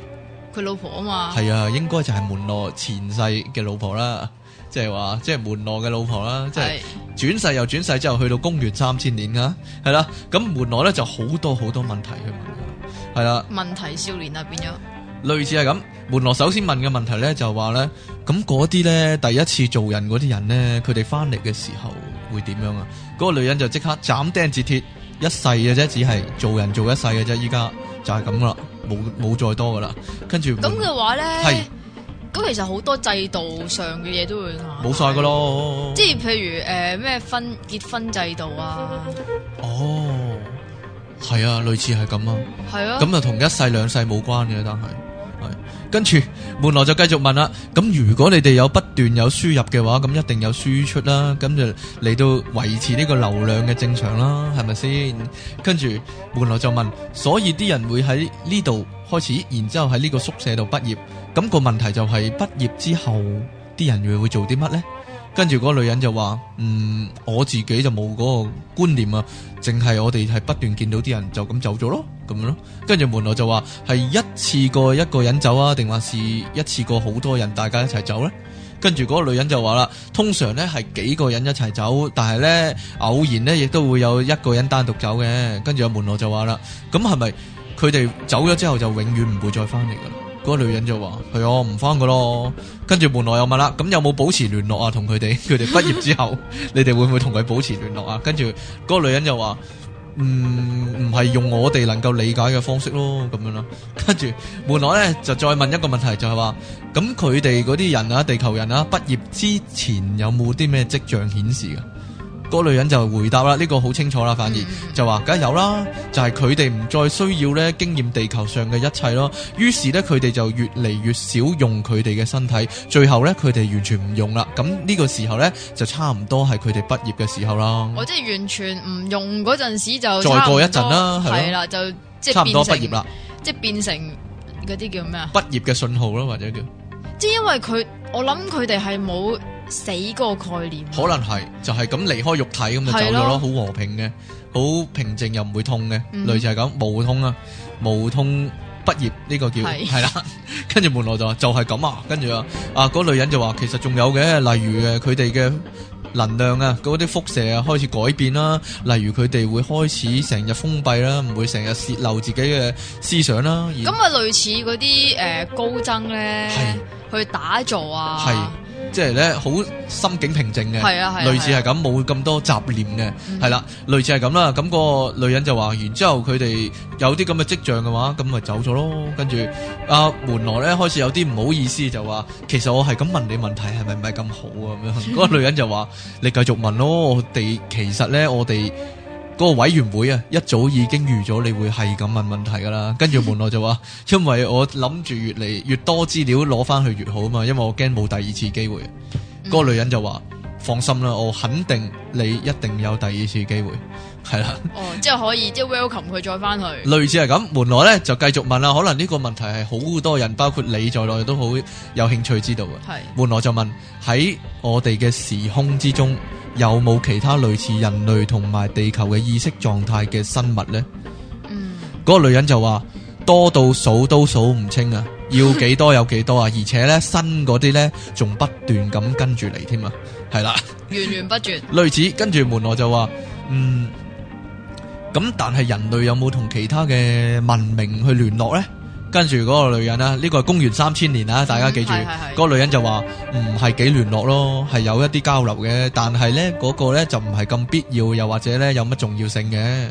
佢老婆啊嘛。係啊，應該就係門羅前世嘅老婆啦。即係話，即係、就是、門羅嘅老婆啦，即係轉世又轉世之後去到公元三千年啊，係啦，咁門羅咧就好多好多問題去問，係啦。問題少年啊，變咗類似係咁，門羅首先問嘅問題咧就話咧，咁嗰啲咧第一次做人嗰啲人咧，佢哋翻嚟嘅時候會點樣啊？嗰、那個女人就即刻斬釘截鐵一世嘅啫，只係做人做一世嘅啫，依家就係咁啦，冇冇再多噶啦，跟住咁嘅話咧係。咁其實好多制度上嘅嘢都會冇晒噶咯，了了即係譬如誒咩婚結婚制度啊，哦，係啊，類似係咁啊，係啊，咁就同一世兩世冇關嘅、啊，但係係，跟住門羅就繼續問啦、啊，咁如果你哋有不斷有輸入嘅話，咁一定有輸出啦、啊，咁就嚟到維持呢個流量嘅正常啦、啊，係咪先？跟住門羅就問，所以啲人會喺呢度。開始，然之後喺呢個宿舍度畢業，咁個問題就係畢業之後啲人會會做啲乜呢？跟住嗰個女人就話：，嗯，我自己就冇嗰個觀念啊，淨係我哋係不斷見到啲人就咁走咗咯，咁樣咯。跟住門羅就話：係一次過一個人走啊，定話是一次過好多人大家一齊走呢？」跟住嗰個女人就話啦：，通常呢係幾個人一齊走，但係呢偶然呢亦都會有一個人單獨走嘅。跟住阿門羅就話啦：，咁係咪？是佢哋走咗之後就永遠唔會再翻嚟噶啦，嗰個女人就話：，係我唔翻噶咯。跟住門羅又問啦，咁有冇保持聯絡啊？同佢哋，佢哋畢業之後， 你哋會唔會同佢保持聯絡啊？跟住嗰個女人就話：，唔唔係用我哋能夠理解嘅方式咯，咁樣啦。跟住門羅咧就再問一個問題，就係話：，咁佢哋嗰啲人啊，地球人啊，畢業之前有冇啲咩跡象顯示噶？嗰女人就回答啦，呢、這個好清楚啦，反而、嗯、就話梗係有啦，就係佢哋唔再需要咧，經驗地球上嘅一切咯。於是咧，佢哋就越嚟越少用佢哋嘅身體，最後咧，佢哋完全唔用啦。咁呢個時候咧，就差唔多係佢哋畢業嘅時候啦。我即係完全唔用嗰陣時就再過一陣啦，係啦，就即係差唔多畢業啦，即係變成嗰啲叫咩啊？畢業嘅信號咯，或者叫即係因為佢，我諗佢哋係冇。死個概念，可能係就係咁離開肉體咁就走咗咯，好的和平嘅，好平靜又唔會痛嘅，嗯、類似係咁無痛，這個是就是，啊，無痛畢業呢個叫係啦，跟住門羅就話就係咁啊，跟住啊啊嗰女人就話其實仲有嘅，例如誒佢哋嘅能量啊，嗰啲輻射啊開始改變啦，例如佢哋會開始成日封閉啦，唔的會成日泄漏自己嘅思想啦，咁啊類似嗰啲誒高僧咧的去打坐啊。即係咧，好心境平靜嘅，類似係咁，冇咁多雜念嘅，係啦，類似係咁啦。咁個女人就話完，然之後佢哋有啲咁嘅跡象嘅話，咁咪走咗咯。跟住阿門羅咧，開始有啲唔好意思就，就話其實我係咁問你問題，係咪唔係咁好啊？咁樣嗰個女人就話： 你繼續問咯，我哋其實咧，我哋。嗰個委員會啊，一早已經預咗你會係咁問問題噶啦。跟住門羅就話， 因為我諗住越嚟越多資料攞翻去越好啊嘛，因為我驚冇第二次機會。嗯、個女人就話：放心啦，我肯定你一定有第二次機會。係啦，哦， 即係可以，即係 welcome 佢再翻去。類似係咁，門羅呢就繼續問啦、啊。可能呢個問題係好多人，包括你在內都好有興趣知道嘅。係是，門羅就問喺我哋嘅時空之中，有冇其他類似人類同埋地球嘅意識狀態嘅生物咧？嗯，嗰個女人就話多到數都數唔清啊，要幾多有幾多啊，而且咧新嗰啲咧仲不斷咁跟住嚟添啊，係啦，源源不絕。類似，跟住門羅我就話，嗯，咁但係人類有冇同其他嘅文明去聯絡咧？跟住嗰個女人啦，呢、這個係公元三千年啦，大家記住。嗰、嗯、女人就話唔係幾聯絡咯，係有一啲交流嘅，但係呢，嗰、那個呢就唔係咁必要，又或者呢有乜重要性嘅。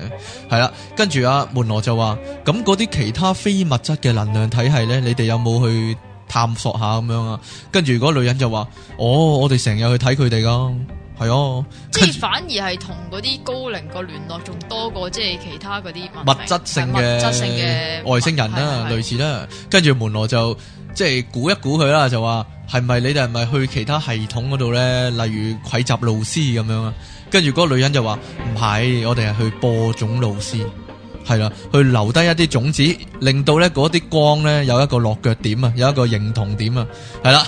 係啦，跟住阿、啊、門羅就話：咁嗰啲其他非物質嘅能量體系呢，你哋有冇去探索下咁樣啊？跟住嗰女人就話：哦，我哋成日去睇佢哋噶。係哦，即係反而係同嗰啲高靈嘅聯絡仲多過，即係其他嗰啲物質性嘅物質性嘅外星人啦，類似啦。跟住門羅就即係估一估佢啦，就話係咪你哋係咪去其他系統嗰度咧？例如採集露絲咁樣啊。跟住嗰個女人就話唔係，我哋係去播種露絲，係啦，去留低一啲種子，令到咧嗰啲光咧有一個落腳點啊，有一個認同點啊，係啦，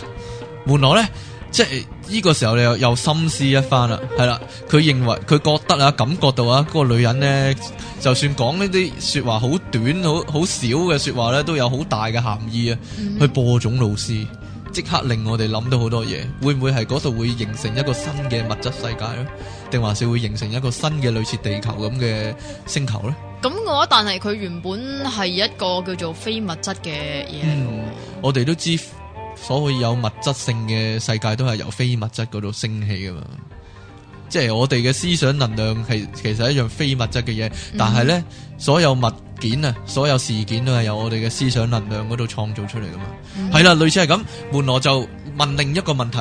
門羅咧。即係呢、這個時候你又又深思一番啦，係啦，佢認為佢覺得啊，感覺到啊，嗰、那個女人呢，就算講呢啲說話好短好好少嘅說話呢，都有好大嘅含義啊，嗯、去播種老師，即刻令我哋諗到好多嘢，會唔會係嗰度會形成一個新嘅物質世界呢？定還是會形成一個新嘅類似地球咁嘅星球呢？咁我但係佢原本係一個叫做非物質嘅嘢。我哋都知。所謂有物質性嘅世界都係由非物質嗰度升起噶嘛，即係我哋嘅思想能量係其實一樣非物質嘅嘢，嗯、但係呢，所有物件啊，所有事件都係由我哋嘅思想能量嗰度創造出嚟噶嘛。係啦、嗯，類似係咁。門羅就問另一個問題，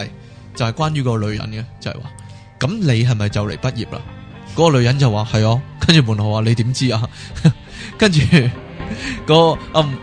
就係、是、關於個女人嘅，就係話咁你係咪就嚟畢業啦？嗰、那個女人就話係哦，跟住門羅話你點知啊？跟 住、那個暗。嗯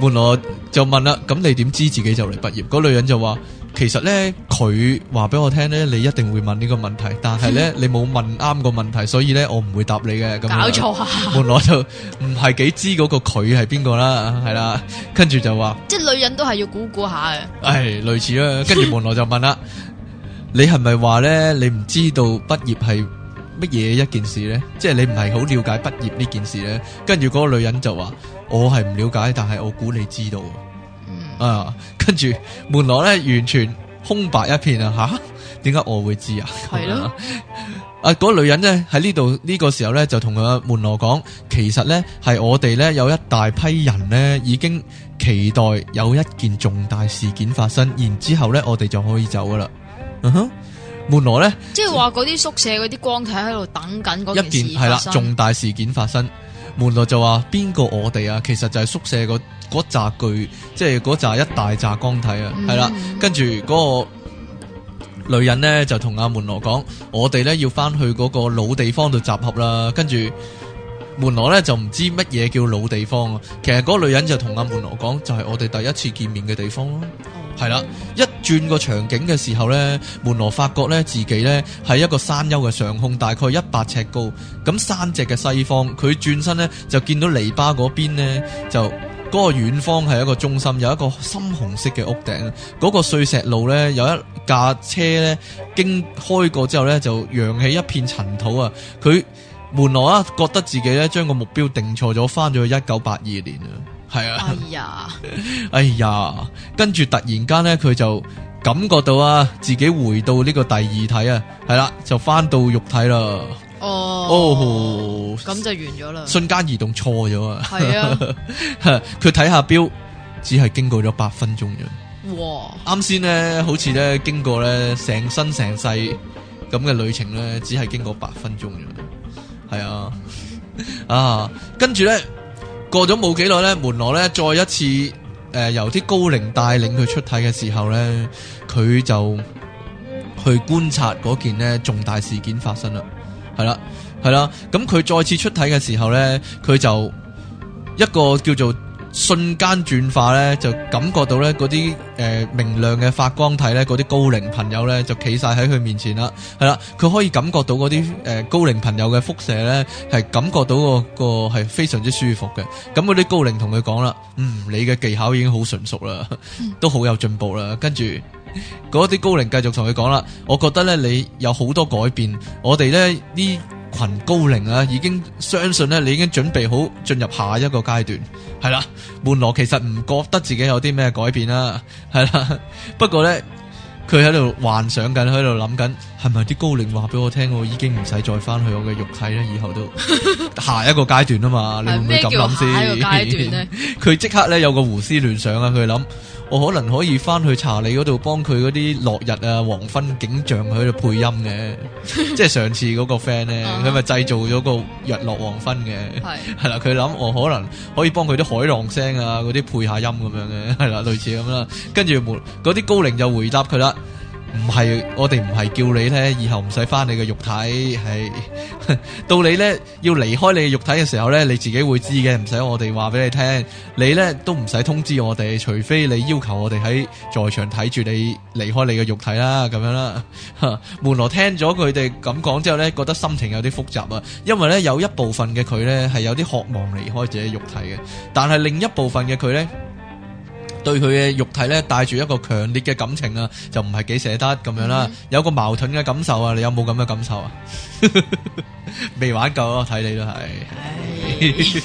門羅就問啦，咁你點知自己就嚟畢業？嗰女人就話：其實咧，佢話俾我聽咧，你一定會問呢個問題，但係咧，你冇問啱個問題，所以咧，我唔會答你嘅。咁搞錯啊！門羅就唔係幾知嗰個佢係邊個啦，係啦，跟住就話：即係女人都係要估估下嘅。係類似啦。跟住門羅就問啦： 你係咪話咧，你唔知道畢業係？乜嘢一件事呢？即係你唔係好了解畢業呢件事呢。跟住嗰個女人就話：我係唔了解，但係我估你知道。嗯。啊，跟住門羅呢，完全空白一片啊！吓，點解我會知的啊？係咯。啊，嗰個女人呢，喺呢度呢個時候呢，就同個門羅講，其實呢，係我哋呢有一大批人呢已經期待有一件重大事件發生，然之後呢我哋就可以走噶啦。哼、啊。門羅呢？即係話嗰啲宿舍嗰啲光體喺度等緊嗰件係啦，重大事件發生。門羅就話，邊個我哋啊？其實就係宿舍嗰扎具，即係嗰扎一大扎光體啊，係啦、嗯。跟住嗰個女人呢，就同阿門羅講，我哋呢要翻去嗰個老地方度集合啦。跟住門羅呢，就唔知乜嘢叫老地方啊。其實嗰個女人就同阿門羅講，就係、是、我哋第一次見面嘅地方咯、啊。哦係啦，一轉個場景嘅時候呢，門羅發覺呢，自己呢係一個山丘嘅上空，大概一百尺高。咁山脊嘅西方，佢轉身呢，就見到籬笆嗰邊呢，就嗰個遠方係一個中心，有一個深紅色嘅屋頂。嗰個碎石路呢，有一架車呢，經開過之後呢，就揚起一片塵土啊！佢門羅啊，覺得自己呢，將個目標定錯咗，翻咗去一九八二年啊！係啊，哎呀，哎呀，跟住突然間咧，佢就感覺到啊，自己回到呢個第二體啊，係啦，就翻到肉體啦。哦，咁、哦、就完咗啦。瞬間移動錯咗啊！係啊，佢睇下表，只係經過咗八分鐘啫。哇！啱先咧，好似咧經過咧成身成世咁嘅旅程咧，只係經過八分鐘啫。係啊，啊，跟住咧。過咗冇幾耐咧，門羅咧再一次，誒由啲高齡帶領佢出體嘅時候咧，佢就去觀察嗰件咧重大事件發生啦，係啦，係啦，咁佢再次出體嘅時候咧，佢就一個叫做。瞬間轉化咧，就感覺到咧嗰啲誒明亮嘅發光體咧，嗰啲高靈朋友咧就企晒喺佢面前啦，係啦，佢可以感覺到嗰啲誒高靈朋友嘅輻射咧，係感覺到、嗰個、嗰個係非常之舒服嘅。咁嗰啲高靈同佢講啦，嗯，你嘅技巧已經好純熟啦，都好有進步啦。跟住嗰啲高靈繼續同佢講啦，我覺得咧你有好多改變，我哋咧啲。群高齡啊，已經相信咧，你已經準備好進入下一個階段，係啦。門羅其實唔覺得自己有啲咩改變啦，啊，係啦。不過呢，佢喺度幻想緊，喺度諗緊。係咪啲高靈話俾我聽？我已經唔使再翻去我嘅肉體咧，以後都下一個階段啊嘛？ 你會唔會咁諗先？佢即 刻咧有個胡思亂想啊！佢諗，我可能可以翻去查理嗰度幫佢嗰啲落日啊、黃昏景象喺度配音嘅， 即係上次嗰個 friend 咧，佢咪製造咗個日落黃昏嘅，係啦。佢諗是 我可能可以幫佢啲海浪聲啊嗰啲配下音咁樣嘅，係啦，類似咁啦。跟住嗰啲高靈就回答佢啦。唔係，我哋唔係叫你呢，以後唔使返你嘅肉體，係 到你呢，要離開你嘅肉體嘅時候呢，你自己會知嘅，唔使我哋話俾你聽。你呢，都唔使通知我哋，除非你要求我哋喺在，在場睇住你離開你嘅肉體啦，咁樣啦。 門羅聽咗佢哋咁講之後呢，覺得心情有啲複雜啊，因為呢，有一部分嘅佢呢，係有啲渴望離開自己肉體嘅，但係另一部分嘅佢呢。對佢嘅肉體咧，帶住一個強烈嘅感情啊，就唔係幾捨得咁樣啦，有個矛盾嘅感受啊，你有冇咁嘅感受啊？未玩夠啊，睇你都係，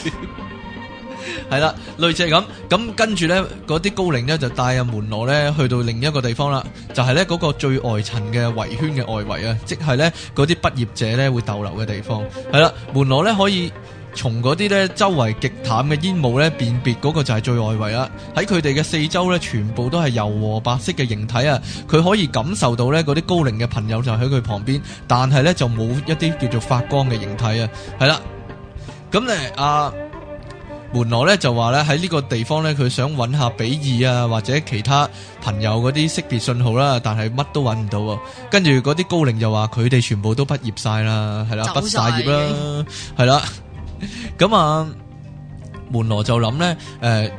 係啦類似係咁咁，跟住咧嗰啲高齡咧就帶阿門羅咧去到另一個地方啦，就係咧嗰個最外層嘅圍圈嘅外圍啊，即係咧嗰啲畢業者咧會逗留嘅地方，係啦，門羅咧可以。從嗰啲咧周圍極淡嘅煙霧咧，辨別嗰個就係最外圍啦。喺佢哋嘅四周咧，全部都係柔和白色嘅形體啊。佢可以感受到咧，嗰啲高齡嘅朋友就喺佢旁邊，但係咧就冇一啲叫做發光嘅形體啊。係啦，咁咧阿門羅咧就話咧喺呢個地方咧，佢想揾下比爾啊或者其他朋友嗰啲識別信號啦，但係乜都揾唔到啊。跟住嗰啲高齡就話佢哋全部都畢業晒啦，係啦，了畢曬業啦，係啦。咁 啊，門羅就諗咧，誒、呃，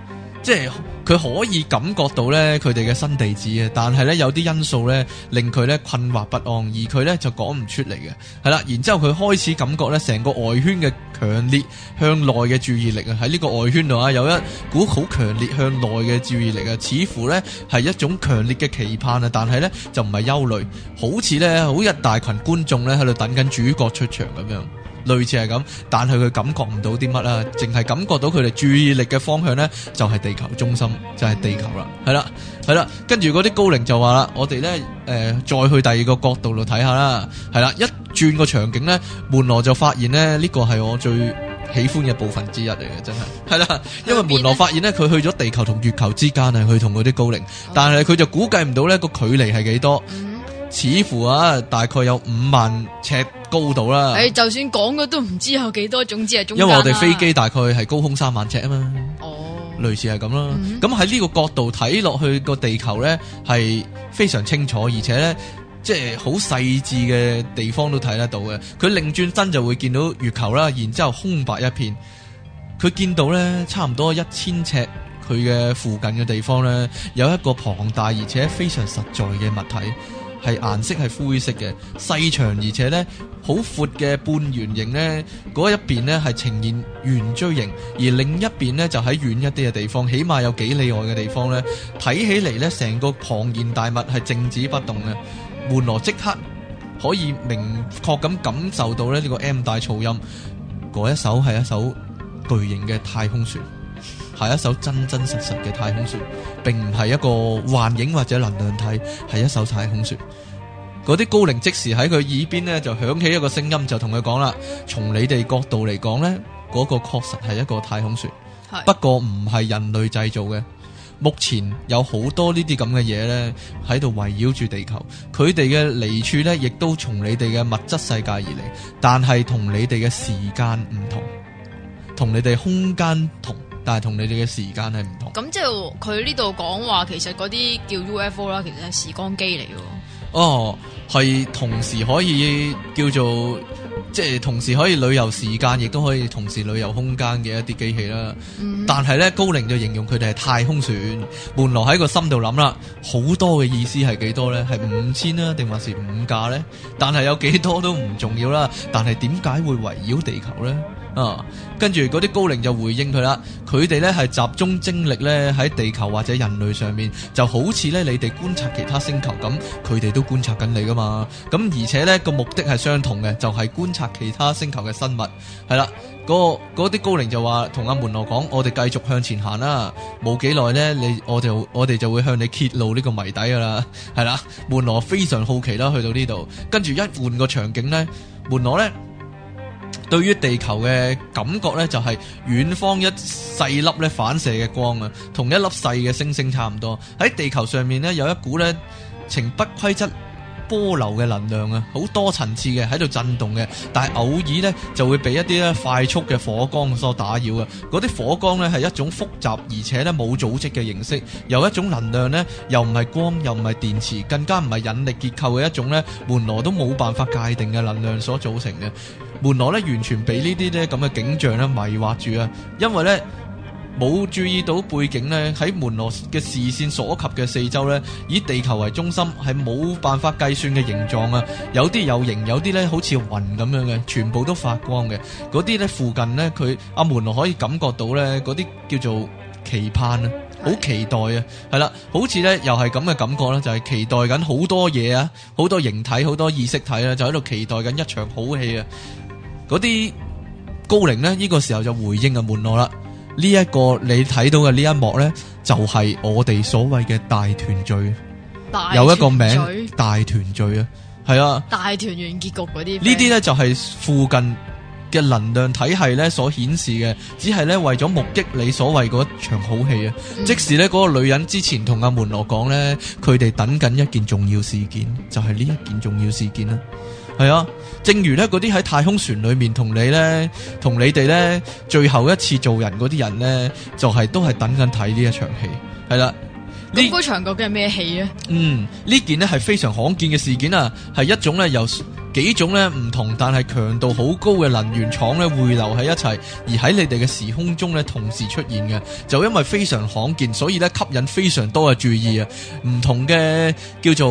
即係。佢可以感覺到咧，佢哋嘅新地址嘅，但係咧有啲因素咧令佢咧困惑不安，而佢咧就講唔出嚟嘅，係啦。然之後佢開始感覺咧，成個外圈嘅強烈向內嘅注意力啊，喺呢個外圈度啊，有一股好強烈向內嘅注意力啊，似乎咧係一種強烈嘅期盼啊，但係咧就唔係憂慮，好似咧好一大群觀眾咧喺度等緊主角出場咁樣，類似係咁，但係佢感覺唔到啲乜啦，淨係感覺到佢哋注意力嘅方向咧就係地球中心。就係地球啦，係啦，係啦，跟住嗰啲高靈就話啦，我哋咧誒再去第二個角度度睇下啦，係啦，一轉個場景咧，門羅就發現咧呢、這個係我最喜歡嘅部分之一嚟嘅，真係，係啦，因為門羅發現咧佢去咗地球同月球之間係，去同嗰啲高靈，但係佢就估計唔到咧個距離係幾多，嗯、似乎啊大概有五萬尺高度啦，誒、欸、就算講嘅都唔知有幾多，總之係中間，因為我哋飛機大概係高空三萬尺啊嘛，哦。類似係咁咯，咁喺呢個角度睇落去個地球呢，係非常清楚，而且呢，即係好細緻嘅地方都睇得到嘅。佢擰轉身就會見到月球啦，然之後空白一片。佢見到呢，差唔多一千尺佢嘅附近嘅地方呢，有一個龐大而且非常實在嘅物體。係顏色係灰色嘅，細長而且呢好闊嘅半圓形呢，嗰一邊呢係呈現圓錐形，而另一邊呢就喺遠一啲嘅地方，起碼有幾里外嘅地方呢，睇起嚟呢，成個龐然大物係靜止不動嘅，門羅即刻可以明確咁感受到呢，呢個 M 大噪音，嗰一艘係一艘巨型嘅太空船。係一艘真真實實嘅太空船，並唔係一個幻影或者能量體，係一艘太空船。嗰啲高靈即時喺佢耳邊呢就響起一個聲音，就同佢講啦：，從你哋角度嚟講呢，嗰、嗰個確實係一個太空船，是不過唔係人類製造嘅。目前有好多呢啲咁嘅嘢呢喺度圍繞住地球，佢哋嘅嚟處呢，亦都從你哋嘅物質世界而嚟，但係同你哋嘅時間唔同，同你哋空間同。同你哋嘅時間係唔同。咁即係佢呢度講話，其實嗰啲叫 UFO 啦，其實係時光機嚟嘅。哦，係同時可以叫做，即係同時可以旅遊時間，亦都可以同時旅遊空間嘅一啲機器啦。嗯、但係咧，高凌就形容佢哋係太空船。門羅喺個心度諗啦，好多嘅意思係幾多咧？係五千啊，定還是五架咧？但係有幾多都唔重要啦。但係點解會圍繞地球咧？啊，跟住嗰啲高靈就回應佢啦，佢哋咧係集中精力咧喺地球或者人類上面，就好似咧你哋觀察其他星球咁，佢哋都觀察緊你噶嘛，咁、啊、而且咧個目的係相同嘅，就係、是、觀察其他星球嘅生物，係啦，嗰、那、啲、個、高靈就話同阿門羅講，我哋繼續向前行啦，冇幾耐咧，你我就我哋就會向你揭露呢個謎底噶啦，係啦，門羅非常好奇啦，去到呢度，跟住一換個場景咧，門羅咧。對於地球嘅感覺呢，就係遠方一細粒咧反射嘅光啊，同一粒細嘅星星差唔多。喺地球上面呢，有一股咧情不規則，波流嘅能量啊，好多層次嘅喺度震動嘅，但係偶爾呢就會被一啲咧快速嘅火光所打擾啊！嗰啲火光呢係一種複雜而且咧冇組織嘅形式，由一種能量呢，又唔係光又唔係電磁，更加唔係引力結構嘅一種呢，門羅都冇辦法界定嘅能量所組成嘅，門羅呢完全俾呢啲呢咁嘅景象咧迷惑住啊！因為呢。冇注意到背景咧，喺門羅嘅視線所及嘅四周咧，以地球為中心係冇辦法計算嘅形狀啊！有啲有形，有啲咧好似雲咁樣嘅，全部都發光嘅。嗰啲咧附近咧，佢阿、啊、門羅可以感覺到呢，嗰啲叫做期盼啊，好期待啊，係啦，好似咧又係咁嘅感覺啦、啊，就係、是、期待緊好多嘢啊，好多形體，好多意識體啦、啊，就喺度期待緊一場好戲啊！嗰啲高靈呢，呢、這個時候就回應阿門羅啦。呢一個你睇到嘅呢一幕呢，就係、是、我哋所謂嘅大團聚，團聚有一個名大團聚啊，係啊，大團圓結局嗰啲。呢啲呢，就係、是、附近嘅能量體系呢所顯示嘅，只係呢為咗目的目擊，你所謂嗰場好戲啊，嗯、即使呢嗰、那個女人之前同阿門羅講呢，佢哋等緊一件重要事件，就係、是、呢一件重要事件啦。係啊，正如咧嗰啲喺太空船裏面同你咧、同你哋咧，最後一次做人嗰啲人咧，就係、是、都係等緊睇呢一場戲，係啦、啊。咁嗰場究竟係咩戲咧？嗯，這嗯件呢件咧係非常罕見嘅事件啊，係一種咧由……幾種咧唔同，但係強度好高嘅能源廠咧匯流喺一齊，而喺你哋嘅時空中咧同時出現嘅，就因為非常罕見，所以咧吸引非常多嘅注意啊！唔同嘅叫做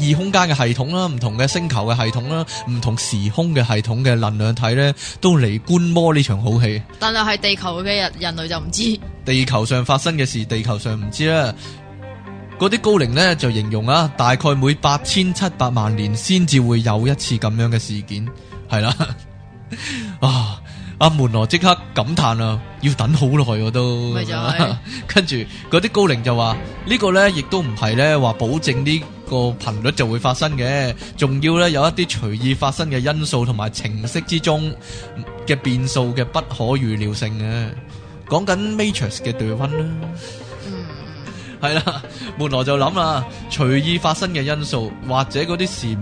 異空間嘅系統啦，唔同嘅星球嘅系統啦，唔同時空嘅系統嘅能量體咧都嚟觀摩呢場好戲。但係係地球嘅人人類就唔知，地球上發生嘅事，地球上唔知啦。嗰啲高齡咧就形容啊，大概每八千七百萬年先至會有一次咁樣嘅事件，係啦， 啊阿門羅即刻感嘆啊，要等好耐我都，不不 跟住嗰啲高齡就話呢，這個呢，亦都唔係呢話保證呢個頻率就會發生嘅，仲要呢，有一啲隨意發生嘅因素同埋程式之中嘅變數嘅不可預料性嘅，講緊 Matrix 嘅對溫啦。係啦，門羅就諗啦，隨意發生嘅因素或者嗰啲事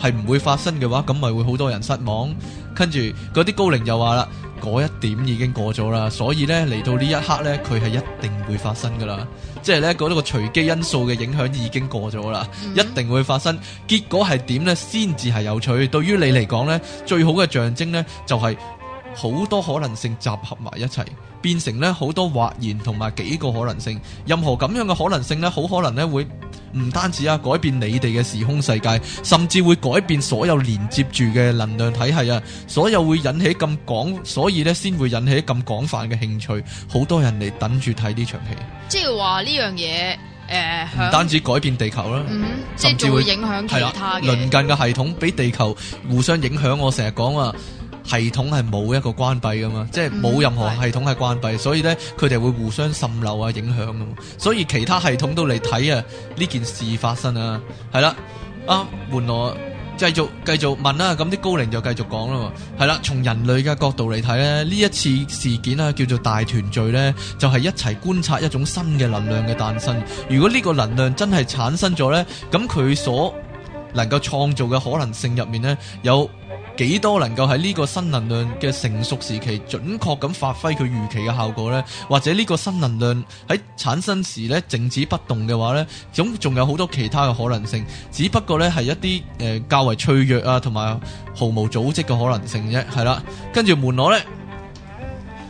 係唔會發生嘅話，咁咪會好多人失望。跟住嗰啲高靈又話啦，嗰一點已經過咗啦，所以呢，嚟到呢一刻呢，佢係一定會發生噶啦。即係呢，嗰一個隨機因素嘅影響已經過咗啦，一定會發生。結果係點呢？先至係有趣。對於你嚟講呢，最好嘅象徵呢，就係好多可能性集合埋一齊。變成咧好多話言同埋幾個可能性，任何咁樣嘅可能性咧，好可能咧會唔單止啊改變你哋嘅時空世界，甚至會改變所有連接住嘅能量體系啊！所有會引起咁廣，所以咧先會引起咁廣泛嘅興趣，好多人嚟等住睇呢場戲。即係話呢樣嘢，誒、呃、唔單止改變地球啦，嗯、甚至會，會影響其他鄰、啊、近嘅系統，俾地球互相影響。我成日講啊～系統係冇一個關閉噶嘛，嗯、即係冇任何系統係關閉，的所以呢，佢哋會互相滲漏啊，影響啊，所以其他系統都嚟睇啊呢件事發生啊，係啦，啊門羅繼續繼續問啦、啊，咁啲高靈就繼續講啦，係啦，從人類嘅角度嚟睇呢，呢一次事件啊叫做大團聚呢，就係、是、一齊觀察一種新嘅能量嘅誕生。如果呢個能量真係產生咗呢，咁佢所能夠創造嘅可能性入面呢，有幾多能夠喺呢個新能量嘅成熟時期準確咁發揮佢預期嘅效果呢？或者呢個新能量喺產生時咧，靜止不動嘅話呢，總仲有好多其他嘅可能性，只不過呢係一啲誒、呃、較為脆弱啊同埋毫無組織嘅可能性啫，係啦。跟住門羅呢。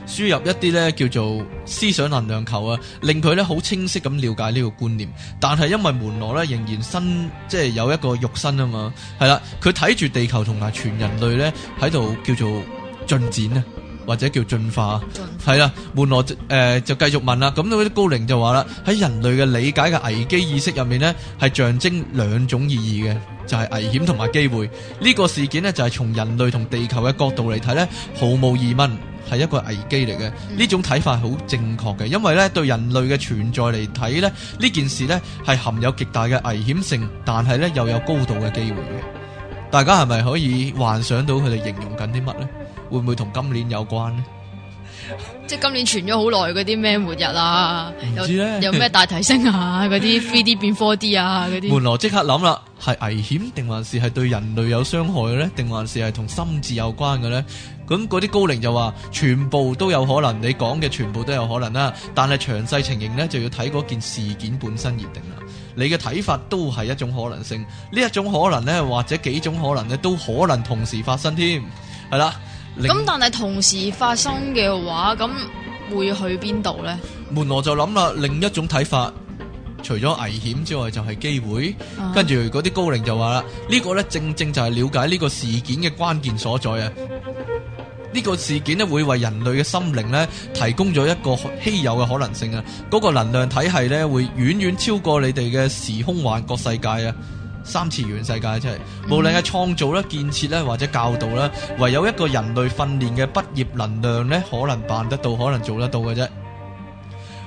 輸入一啲咧，叫做思想能量球啊，令佢咧好清晰咁了解呢個觀念。但係因為門羅咧仍然身即係有一個肉身啊嘛，係啦，佢睇住地球同埋全人類咧喺度叫做進展啊，或者叫進化，係啦、嗯。門羅誒、呃、就繼續問啦，咁嗰啲高靈就話啦，喺人類嘅理解嘅危機意識入面咧，係象徵兩種意義嘅，就係、是、危險同埋機會。呢、這個事件咧就係、是、從人類同地球嘅角度嚟睇咧，毫無疑問。係一個危機嚟嘅，呢、嗯、種睇法好正確嘅，因為咧對人類嘅存在嚟睇咧，呢件事咧係含有極大嘅危險性，但係咧又有高度嘅機會嘅。大家係咪可以幻想到佢哋形容緊啲乜呢？會唔會同今年有關咧？即係今年傳咗好耐嗰啲咩末日啊，有有咩大提升啊，嗰啲 three D 變 four D 啊，嗰啲…… 門羅即刻諗啦，係危險定還是係對人類有傷害呢？定還是係同心智有關嘅呢？咁嗰啲高齡就話，全部都有可能，你講嘅全部都有可能啦。但係詳細情形呢，就要睇嗰件事件本身而定啦。你嘅睇法都係一種可能性，呢一種可能呢，或者幾種可能呢，都可能同時發生添，係啦。咁但係同時發生嘅話，咁會去邊度呢？門羅就諗啦，另一種睇法，除咗危險之外，就係機會。跟住嗰啲高齡就話啦，呢個呢，正正就係了解呢個事件嘅關鍵所在啊。呢個事件咧會為人類嘅心靈咧提供咗一個稀有嘅可能性啊！嗰、那個能量體系咧會遠遠超過你哋嘅時空幻覺世界啊，三次元世界，即係無論係創造咧、建設咧或者教導咧，唯有一個人類訓練嘅畢業能量咧可能辦得到，可能做得到嘅啫。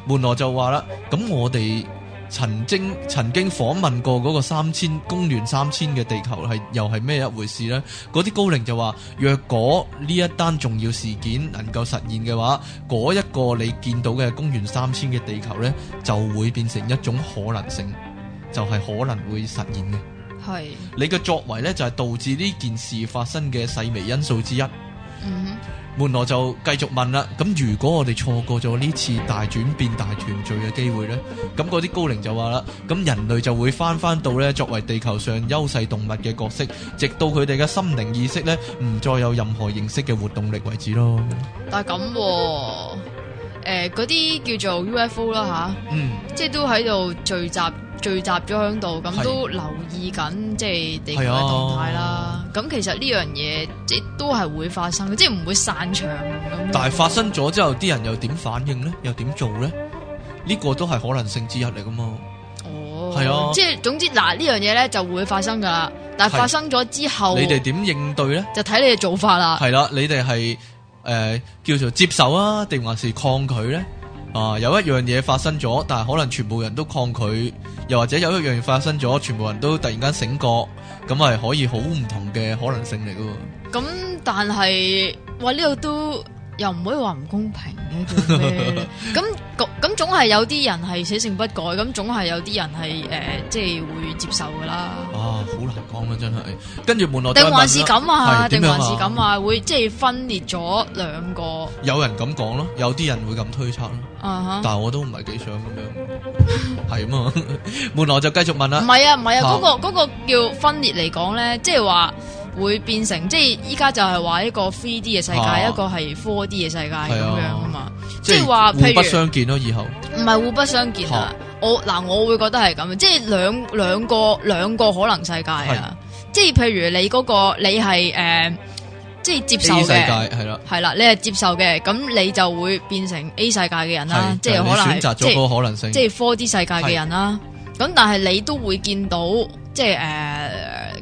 門羅就話啦，咁我哋。曾經曾經訪問過嗰個三千公元三千嘅地球係又係咩一回事呢？嗰啲高靈就話：若果呢一單重要事件能夠實現嘅話，嗰一個你見到嘅公元三千嘅地球呢，就會變成一種可能性，就係、是、可能會實現嘅。係是你嘅作為呢，就係、是、導致呢件事發生嘅細微因素之一。嗯哼。門羅就繼續問啦，咁如果我哋錯過咗呢次大轉變、大團聚嘅機會呢？咁嗰啲高靈就話啦，咁人類就會翻翻到咧作為地球上優勢動物嘅角色，直到佢哋嘅心靈意識咧唔再有任何形式嘅活動力為止咯。但係咁喎誒，嗰啲、呃、叫做 UFO 啦吓，即係都喺度聚集聚集咗響度，咁都留意緊即係地方嘅動態啦。咁、啊、其實呢樣嘢即係都係會發生，即係唔會散場咁。但係發生咗之後，啲人又點反應咧？又點做咧？呢、呢個都係可能性之一嚟噶嘛？哦，係啊，即係總之嗱，呢樣嘢咧就會發生噶啦。但係發生咗之後，啊、你哋點應對咧？就睇你嘅做法啦。係啦、啊，你哋係。誒、呃，叫做接受啊，定還是抗拒呢？啊，有一樣嘢發生咗，但係可能全部人都抗拒，又或者有一樣嘢發生咗，全部人都突然間醒覺，咁係可以好唔同嘅可能性嚟咯。咁、嗯、但係，哇呢度都～又唔可以話唔公平嘅，咁，咁總係有啲人係死性不改，咁總係有啲人係誒、呃、即係會接受噶啦啊好難講啦真係跟住門羅定還是咁啊定、啊、還是咁啊會即係分裂咗兩個有人咁講咯有啲人會咁推測咯、uh huh. 但係我都唔係幾想咁樣係嘛 是嗎 門羅就繼續問啦唔係啊唔係啊嗰、嗯那個、那個叫分裂嚟講咧即係話。會變成，即係依家就係話一個 three D 嘅世界，一個係 four D 嘅世界咁樣啊嘛，即係話譬如互不相見咯。以後唔係互不相見啊！我嗱我會覺得係咁，即係兩兩個兩個可能世界啊！即係譬如你嗰個你係誒，即係接受嘅係啦，係啦，你係接受嘅，咁你就會變成 A 世界嘅人啦，即係可能選擇咗嗰個可能性，即係 four D 世界嘅人啦。咁但係你都會見到即係誒。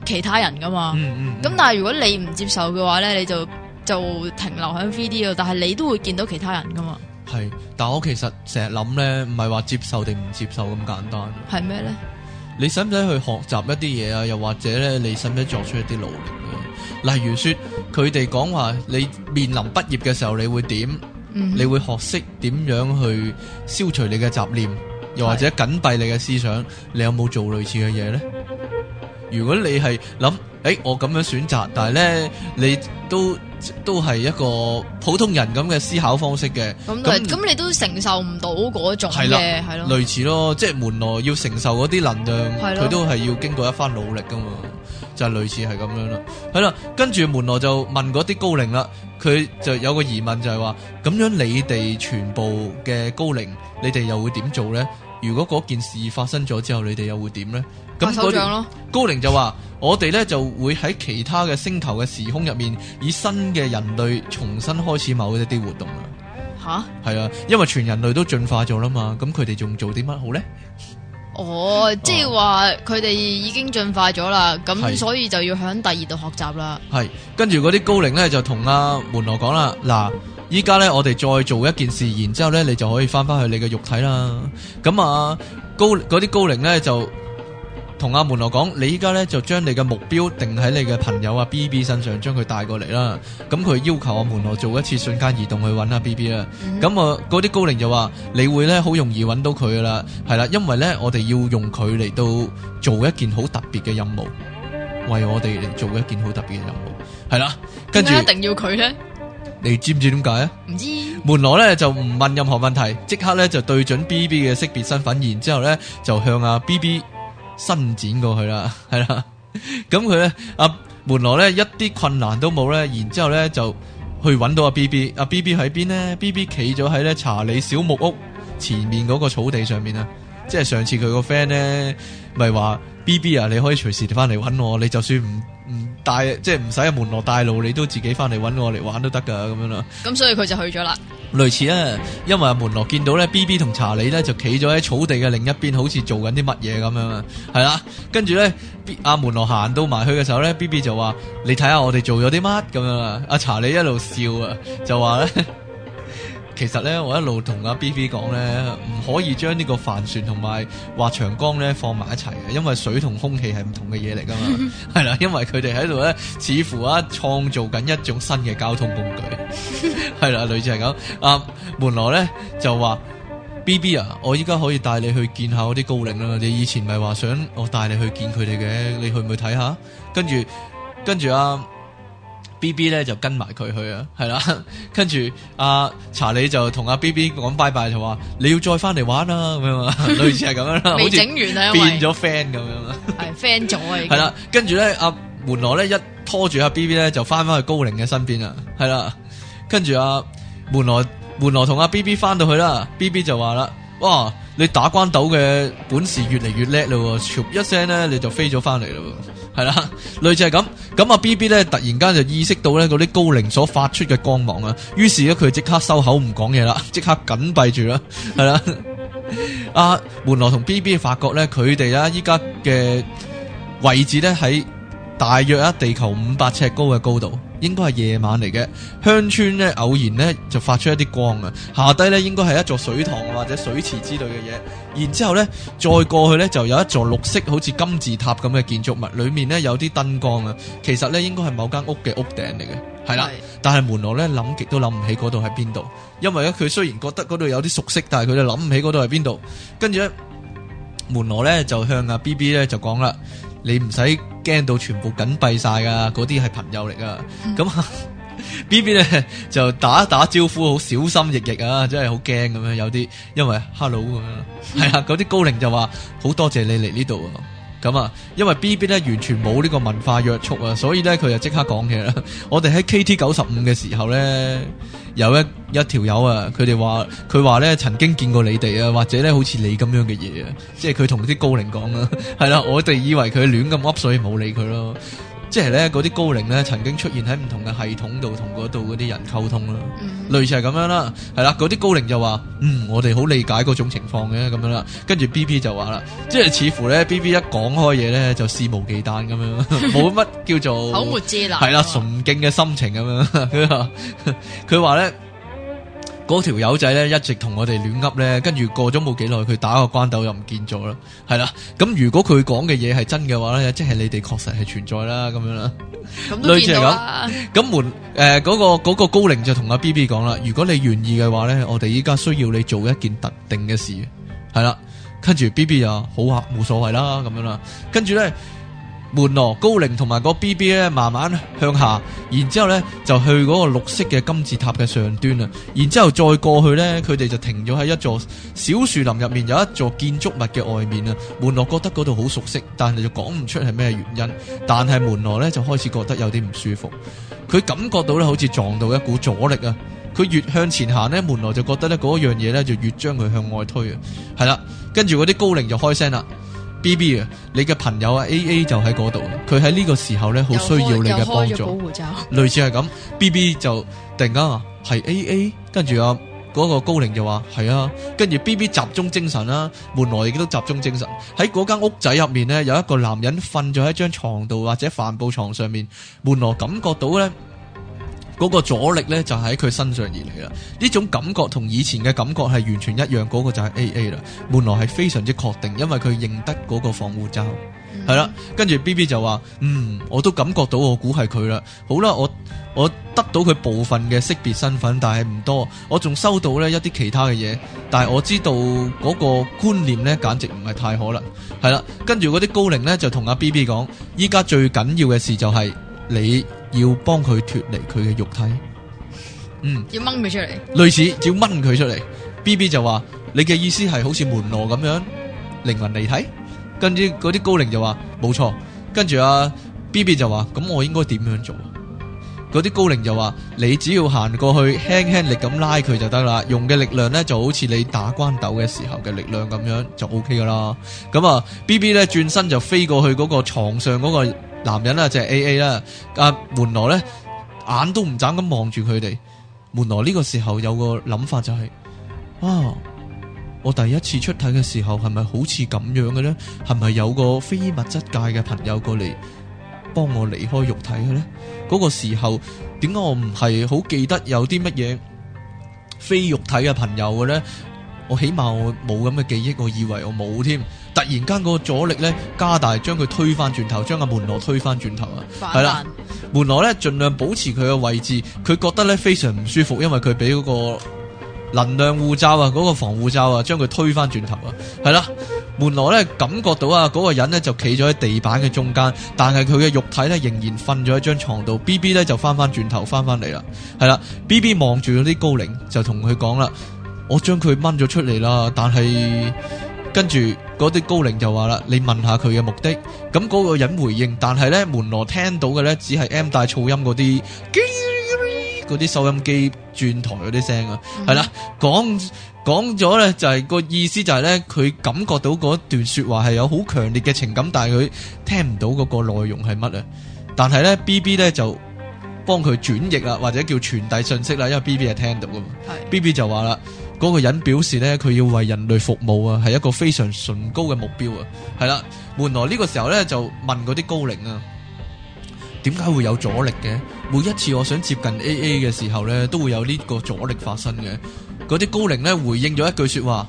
其他人噶嘛，咁、嗯嗯、但係如果你唔接受嘅話咧，你就就停留喺 3D 度，但係你都會見到其他人噶嘛。係，但我其實成日諗咧，唔係話接受定唔接受咁簡單。係咩咧？你使唔使去學習一啲嘢啊？又或者咧，你使唔使作出一啲努力啊？例如說，佢哋講話你面臨畢業嘅時候你會點？你會、嗯、哼你會學識點樣去消除你嘅雜念，又或者緊閉你嘅思想？是你有冇做類似嘅嘢咧？如果你係諗，誒、欸，我咁樣選擇，但係咧，你都都係一個普通人咁嘅思考方式嘅。咁咁對，那你都承受唔到嗰種嘅，係咯了？了類似咯，即係門羅要承受嗰啲能量，佢了都係要經過一番努力噶嘛，就係、是、類似係咁樣啦。係啦，跟住門羅就問嗰啲高靈啦，佢就有個疑問就係話：咁樣你哋全部嘅高靈，你哋又會點做咧？如果嗰件事發生咗之後，你哋又會點咧？咁嗰啲高靈就話： 我哋咧就會喺其他嘅星球嘅時空入面，以新嘅人類重新開始某一啲活動啊！吓哈，係啊，因為全人類都進化咗啦嘛，咁佢哋仲做啲乜好咧？哦，即係話佢哋已經進化咗啦，咁、哦、所以就要喺第二度學習啦。係，跟住嗰啲高靈咧就同阿門羅講啦。嗱，依家咧我哋再做一件事，然之後咧你就可以翻翻去你嘅肉體啦。咁啊，高嗰啲高靈咧就。同阿門羅講，你依家咧就將你嘅目標定喺你嘅朋友啊 B B 身上，將佢帶過嚟啦。咁佢要求阿門羅做一次瞬間移動去揾阿 B B 啦。咁啊，嗰啲高靈就話，你會咧好容易揾到佢噶啦，係啦，因為咧我哋要用佢嚟到做一件好特別嘅任務，為我哋嚟做一件好特別嘅任務，係啦。跟住一定要佢咧，你知唔知點解啊？唔知，門羅咧就唔問任何問題，即刻咧就對準 B B 嘅識別身份，然之後咧就向阿 B B。伸展過去啦，係 啦， 咁佢咧，阿門羅咧一啲困難都冇咧，然之後咧就去揾到阿 B B，阿 B B 喺邊咧？B B 企咗喺咧查理小木屋前面嗰個草地上面啊，即係上次佢個 friend 咧，咪話 B B 啊，你可以隨時翻嚟揾我，你就算唔。唔帶，即係唔使阿門羅帶路，你都自己翻嚟揾我嚟玩都得噶，咁樣啦。咁所以佢就去咗啦。類似啊，因為阿門羅見到咧，B B 同查理咧就企咗喺草地嘅另一邊，好似做緊啲乜嘢咁樣啊。係啦，跟住咧，阿門羅行到埋去嘅時候咧，B B 就話：你睇下我哋做咗啲乜咁樣啊。阿查理一路笑啊，就話咧。 其實咧，我一路同阿 B B 講咧，唔可以將呢個帆船同埋滑長江咧放埋一齊嘅，因為水同空氣係唔同嘅嘢嚟噶嘛。係啦， 因為佢哋喺度咧，似乎啊創造緊一種新嘅交通工具。係啦， 類似係咁。啊，門羅咧就話 B B 啊，我依家可以帶你去見下我啲高齡啦。你以前咪話想我帶你去見佢哋嘅，你去唔去睇下？跟住，跟住啊。B B 咧就跟埋佢去 啊，係啦，跟住阿查理就同阿 B B 講拜拜，就話你要再翻嚟玩啦。咁樣啊， 類似係咁樣啦，未整完變咗 friend 咁樣啊，係 friend 咗啊，係啦，跟住咧阿門羅咧一拖住阿 B B 咧就翻翻去高寧嘅身邊啦，係啦，跟住阿門羅門羅同阿 B B 翻到去啦，B B 就話啦，哇，你打關斗嘅本事越嚟越叻咯，一聲咧你就飛咗翻嚟咯。.係啦，類似係咁，咁阿 B B 咧突然間就意識到咧嗰啲高靈所發出嘅光芒啊，於是咧佢即刻收口唔講嘢啦，即刻緊閉住啦，係啦，阿門羅同 B B 發覺咧佢哋啦依家嘅位置咧喺大約一地球五百尺高嘅高度。應該係夜晚嚟嘅，鄉村咧偶然咧就發出一啲光啊，下低咧應該係一座水塘或者水池之類嘅嘢，然之後咧再過去咧就有一座綠色好似金字塔咁嘅建築物，裏面咧有啲燈光啊，其實咧應該係某間屋嘅屋頂嚟嘅，係啦，的但係門羅咧諗極都諗唔起嗰度係邊度，因為咧佢雖然覺得嗰度有啲熟悉，但係佢就諗唔起嗰度係邊度，跟住咧門羅咧就向阿、啊、B B 咧就講啦。你唔使驚到全部緊閉晒噶，嗰啲係朋友嚟噶。咁 B B 咧就打打招呼，好小心翼翼啊，真係好驚咁樣。有啲因為 hello 咁樣，係 啊，嗰啲高靈就話好多謝你嚟呢度啊。咁啊，因為 B B 咧完全冇呢個文化約束啊，所以咧佢就即刻講嘢啦。我哋喺 K T 九十五嘅時候咧，有一一條友啊，佢哋話佢話咧曾經見過你哋啊，或者咧好似你咁樣嘅嘢啊，即係佢同啲高靈講啊，係 啦、啊，我哋以為佢亂咁噏，所以冇理佢咯。即係咧，嗰啲高齡咧，曾經出現喺唔同嘅系統度，同嗰度嗰啲人溝通啦，hmm. 類似係咁樣啦，係啦，嗰啲高齡就話，嗯，我哋好理解嗰種情況嘅，咁樣啦，跟住 B B 就話啦，即係似乎咧 B B 一講開嘢咧，就肆無忌憚咁樣，冇乜 叫做，係啦 的，崇敬嘅心情咁樣，佢話咧。嗰條友仔咧一直同我哋亂噏咧，跟住過咗冇幾耐，佢打個關斗又唔見咗啦，係啦。咁如果佢講嘅嘢係真嘅話咧，即係你哋確實係存在啦，咁樣啦。樣類似係咁，咁門誒嗰、呃那個、那個高靈就同阿 B B 講啦，如果你願意嘅話咧，我哋依家需要你做一件特定嘅事，係啦。跟住 B B 又好啊，冇所謂啦，咁樣啦。跟住咧。門羅高凌同埋個 B B 咧，慢慢向下，然之後咧就去嗰個綠色嘅金字塔嘅上端啦。然之後再過去呢，佢哋就停咗喺一座小樹林入面，有一座建築物嘅外面啦。門羅覺得嗰度好熟悉，但係就講唔出係咩原因。但係門羅呢，就開始覺得有啲唔舒服，佢感覺到咧好似撞到一股阻力啊！佢越向前行呢，門羅就覺得呢嗰樣嘢呢，就越將佢向外推啊！係啦，跟住嗰啲高凌就開聲啦。B B 啊，BB, 你嘅朋友啊 A A 就喺嗰度，佢喺呢個時候咧好需要你嘅幫助。 類似係咁，B B 就突然間啊，係 A A，跟住啊嗰個高齡就話係啊，跟住 B B 集中精神啦，門羅亦都集中精神喺嗰間屋仔入面咧，有一個男人瞓咗喺張床度或者帆布床上面，門羅感覺到咧。嗰個阻力咧就喺佢身上而嚟啦，呢種感覺同以前嘅感覺係完全一樣，嗰、嗰個就係 A A 啦。門羅係非常之確定，因為佢認得嗰個防護罩，係啦、嗯。跟住 B B 就話：嗯，我都感覺到，我估係佢啦。好啦，我我得到佢部分嘅識別身份，但係唔多。我仲收到呢一啲其他嘅嘢，但係我知道嗰個觀念呢，簡直唔係太可能。係啦，跟住嗰啲高靈呢，就同阿 B B 講：依家最緊要嘅事就係、是、你。要幫佢脫離佢嘅肉體，嗯，要掹佢出嚟，類似，要掹佢出嚟。B B 就話，你嘅意思係好似門羅咁樣，靈魂離體？跟住嗰啲高齡就話，冇錯。跟住啊，B B 就話，咁我應該點樣做？嗰啲高齡就話，你只要行過去，輕輕力咁拉佢就得啦。用嘅力量咧就好似你打關斗嘅時候嘅力量咁樣，就 OK 噶啦。咁啊，B B 咧轉身就飛過去嗰個床上嗰個，男人啊，就係 A A 啦。阿門羅咧，眼都唔眨咁望住佢哋。門羅呢個時候有個諗法就係：啊，我第一次出體嘅時候係咪好似咁樣嘅咧？係咪有個非物質界嘅朋友過嚟幫我離開肉體嘅咧？嗰個時候點解我唔係好記得有啲乜嘢非肉體嘅朋友嘅咧？我起碼我冇咁嘅記憶，我以為我冇添。突然間嗰個阻力咧加大，將佢推翻轉頭，將個門羅推翻轉頭啊！係啦彈，門羅咧盡量保持佢嘅位置，佢覺得咧非常唔舒服，因為佢俾嗰個能量護罩啊，嗰、嗰個防護罩啊，將佢推翻轉頭啊！係啦、嗯，門羅咧感覺到啊嗰、嗰個人咧就企咗喺地板嘅中間，但係佢嘅肉體咧仍然瞓咗喺張床度。B B 咧就翻翻轉頭翻翻嚟啦，係啦，B B 望住咗啲高靈就同佢講啦，我將佢掹咗出嚟啦，但係。跟住嗰啲高靈就話啦，你問下佢嘅目的。咁嗰個人回應，但係咧門羅聽到嘅咧，只係 M 帶噪音嗰啲，啲、嗯、哼收音機轉台嗰啲聲啊。係啦、嗯哼，講講咗咧，就係、是、個意思就係咧，佢感覺到嗰段說話係有好強烈嘅情感，但係佢聽唔到嗰個內容係乜啊。但係咧 B B 咧就幫佢轉譯啦，或者叫傳遞信息啦，因為 B B 係聽到噶嘛。的 B B 就話啦。嗰個人表示咧，佢要為人類服務啊，係一個非常崇高嘅目標啊。係啦，換來呢個時候咧就問嗰啲高靈啊，點解會有阻力嘅？每一次我想接近 AA 嘅時候咧，都會有呢個阻力發生嘅。嗰啲高靈咧回應咗一句說話，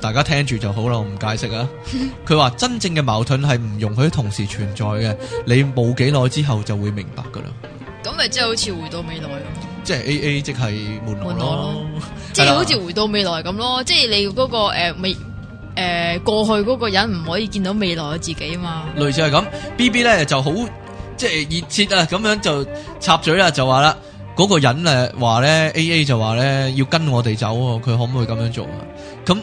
大家聽住就好啦，我唔解釋啊。佢話真正嘅矛盾係唔容許同時存在嘅，你冇幾耐之後就會明白噶啦。咁咪即係好似回到未來咯。即係 A A，即係門羅咯，即係好似回到未來咁咯，即係你嗰個誒未誒過去嗰個人唔可以見到未來嘅自己嘛，類似係咁 B B 咧就好即係熱切啊咁樣就插嘴啦，就話啦嗰個人誒話咧 A A 就話咧要跟我哋走，佢可唔可以咁樣做啊？咁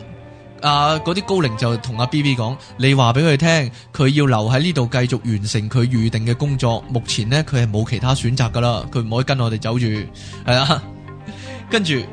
啊！嗰啲高齡就同阿 B B 講，你話俾佢聽，佢要留喺呢度繼續完成佢預定嘅工作。目前呢，佢係冇其他選擇噶啦，佢唔可以跟我哋走住。係啊， 跟住呢、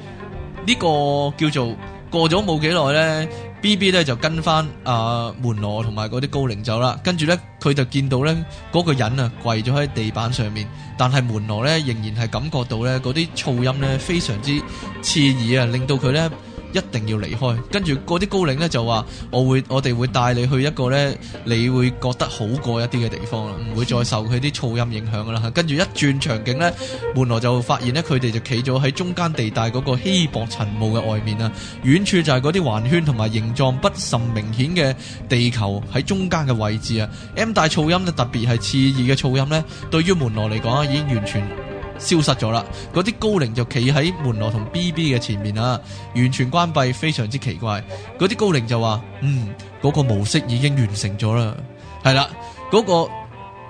呢個叫做過咗冇幾耐呢 B B 咧就跟翻阿、啊、門羅同埋嗰啲高齡走啦。跟住呢，佢就見到呢嗰、嗰個人啊跪咗喺地板上面，但係門羅呢，仍然係感覺到呢嗰啲噪音呢非常之刺耳啊，令到佢呢。一定要離開，跟住嗰啲高領呢，就話：我會我哋會帶你去一個呢，你會覺得好過一啲嘅地方啦，唔會再受佢啲噪音影響噶啦。跟住一轉場景呢，門羅就發現呢，佢哋就企咗喺中間地帶嗰個稀薄塵霧嘅外面啦。遠處就係嗰啲環圈同埋形狀不甚明顯嘅地球喺中間嘅位置啊。M 大噪音呢，特別係刺耳嘅噪音呢，對於門羅嚟講已經完全。消失咗啦！嗰啲高靈就企喺門羅同 B B 嘅前面啊，完全關閉，非常之奇怪。嗰啲高靈就話：嗯，嗰個模式已經完成咗啦。係啦，嗰個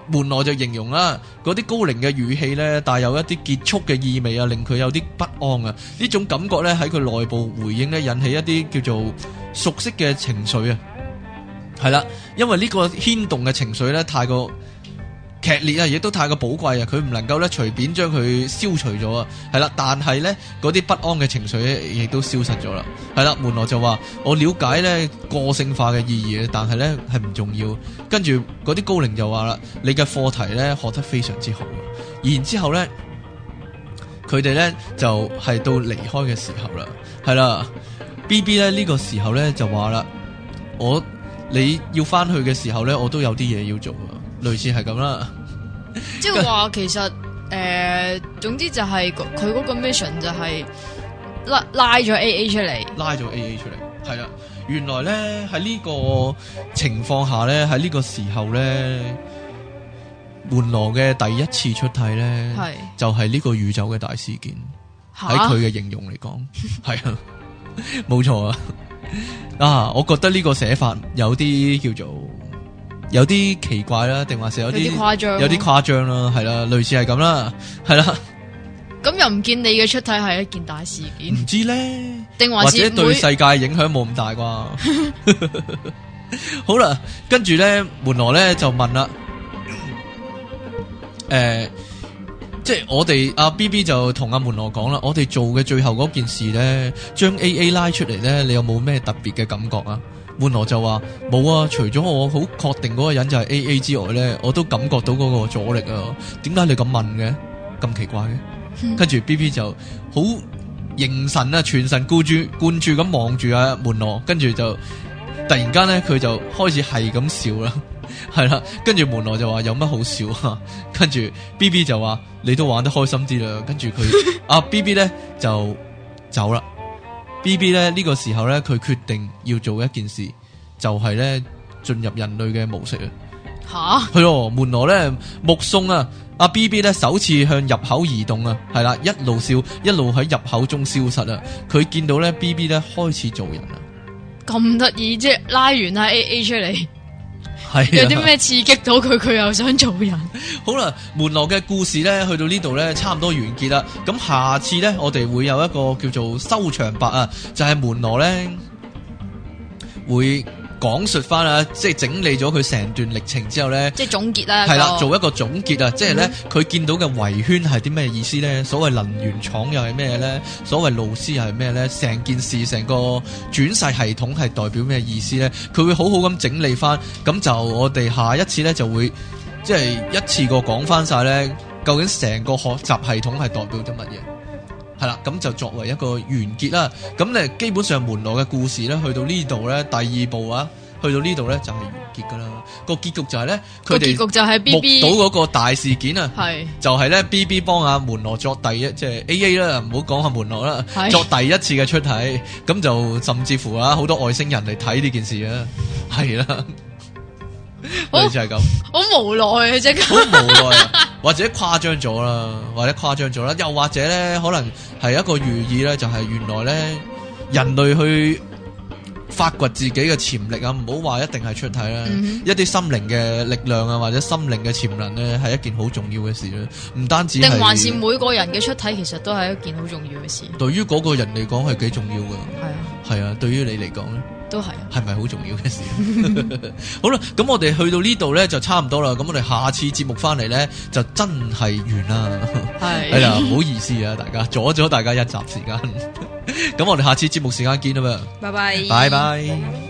門羅就形容啦，嗰啲高靈嘅語氣呢，帶有一啲結束嘅意味啊，令佢有啲不安啊。呢種感覺呢，喺佢內部回應呢，引起一啲叫做熟悉嘅情緒啊。係啦，因為呢個牽動嘅情緒呢，太過。劇烈啊，亦都太過寶貴啊，佢唔能夠咧隨便將佢消除咗啊，係啦，但係咧嗰啲不安嘅情緒亦都消失咗啦，係啦，門羅就話：我了解咧個性化嘅意義，但係咧係唔重要。跟住嗰啲高齡就話啦：你嘅課題咧學得非常之好。然之後咧，佢哋咧就係、是、到離開嘅時候啦，係啦，B B 咧呢、這個時候咧就話啦：我你要翻去嘅時候咧，我都有啲嘢要做。類似係咁啦。即係話其實誒、呃，總之就係佢嗰個 mission 就係拉拉咗 AA 出嚟，拉咗 AA 出嚟，係啦。原來咧喺呢個情況下咧，喺呢個時候咧，門羅嘅第一次出體咧，係的就係呢個宇宙嘅大事件。喺佢嘅形容嚟講，係 錯啊，冇錯啊。啊，我覺得呢個寫法有啲叫做。有啲奇怪啦，定還是有啲誇張，有啲誇張啦，係啦、啊，類似係咁啦，係啦。咁又唔見你嘅出體係一件大事件。唔知咧，定還是或者對世界影響冇咁大啩？ 好啦，跟住咧，門羅咧就問啦，誒、 呃，即係我哋阿、啊、B B 就同阿、啊、門羅講啦，我哋做嘅最後嗰件事咧，將 A A 拉出嚟咧，你有冇咩特別嘅感覺啊？門羅就話冇啊，除咗我好確定嗰個人就係 A A 之外咧，我都感覺到嗰個阻力啊。點解你咁問嘅？咁奇怪嘅。嗯、跟住 B B 就好凝神啊，全神貫注、貫注咁望住阿門羅，跟住就突然間咧，佢就開始係咁笑啦，係 啦。跟住門羅就話，有乜好笑啊？ 跟住 B B 就話，你都玩得開心啲啦。跟住佢 啊 B B 咧就走啦。B B 咧呢、呢個時候咧，佢決定要做一件事，就係咧進入人類嘅模式啊！吓蛤，係咯，門羅咧目送啊，阿 B B 咧首次向入口移動啊，係啦，一路笑一路喺入口中消失啊。佢見到咧 B B 咧開始做人啦、啊，咁得意啫，拉完啦、啊、A A 出嚟。是啊、有啲咩刺激到佢，佢又想做人。 好啦，門羅嘅故事咧，去到呢度咧，差唔多完結啦。咁下次咧，我哋會有一個叫做收場白啊，就係、是、門羅咧會。講述翻啊，即係整理咗佢成段歷程之後呢，即係總結啦，係啦了，那個、做一個總結啊，即係呢，佢見到嘅圍圈係啲咩意思呢？所謂能源廠又係咩呢？所謂老師又係咩呢？成件事成個轉世系統係代表咩意思呢？佢會好好咁整理翻，咁就我哋下一次呢，就會即係一次過講翻晒呢，究竟成個學習系統係代表啲乜嘢？係啦，咁就作為一個完結啦。咁咧，基本上門羅嘅故事咧，去到呢度咧，第二部啊，去到呢度咧就係、是、完結噶啦。那個結局就係咧，佢哋目到嗰個大事件啊，的就係咧，B B 幫阿門羅作第一，即、就、係、是、A A 啦，唔好講阿門羅啦，的作第一次嘅出體，咁就甚至乎啊，好多外星人嚟睇呢件事啊，係啦。 好似係咁，好無奈啊！即咁，好無奈，或者誇張咗啦，或者誇張咗啦，又或者咧，可能係一個寓意咧，就係原來咧，人類去發掘自己嘅潛力啊，唔好話一定係出體啦，嗯、哼一啲心靈嘅力量啊，或者心靈嘅潛能咧，係一件好重要嘅事咧，唔單止定還是每個人嘅出體，其實都係一件好重要嘅事。對於嗰個人嚟講係幾重要嘅，係啊的，係啊，對於你嚟講咧。都係、啊，係咪好重要嘅事？ 好啦，咁我哋去到呢度咧就差唔多啦。咁我哋下次節目翻嚟咧就真係完啦。係是，係啦， 唔好意思啊，大家阻咗大家一集時間。咁 我哋下次節目時間見啊嘛。拜拜 bye，拜拜 bye。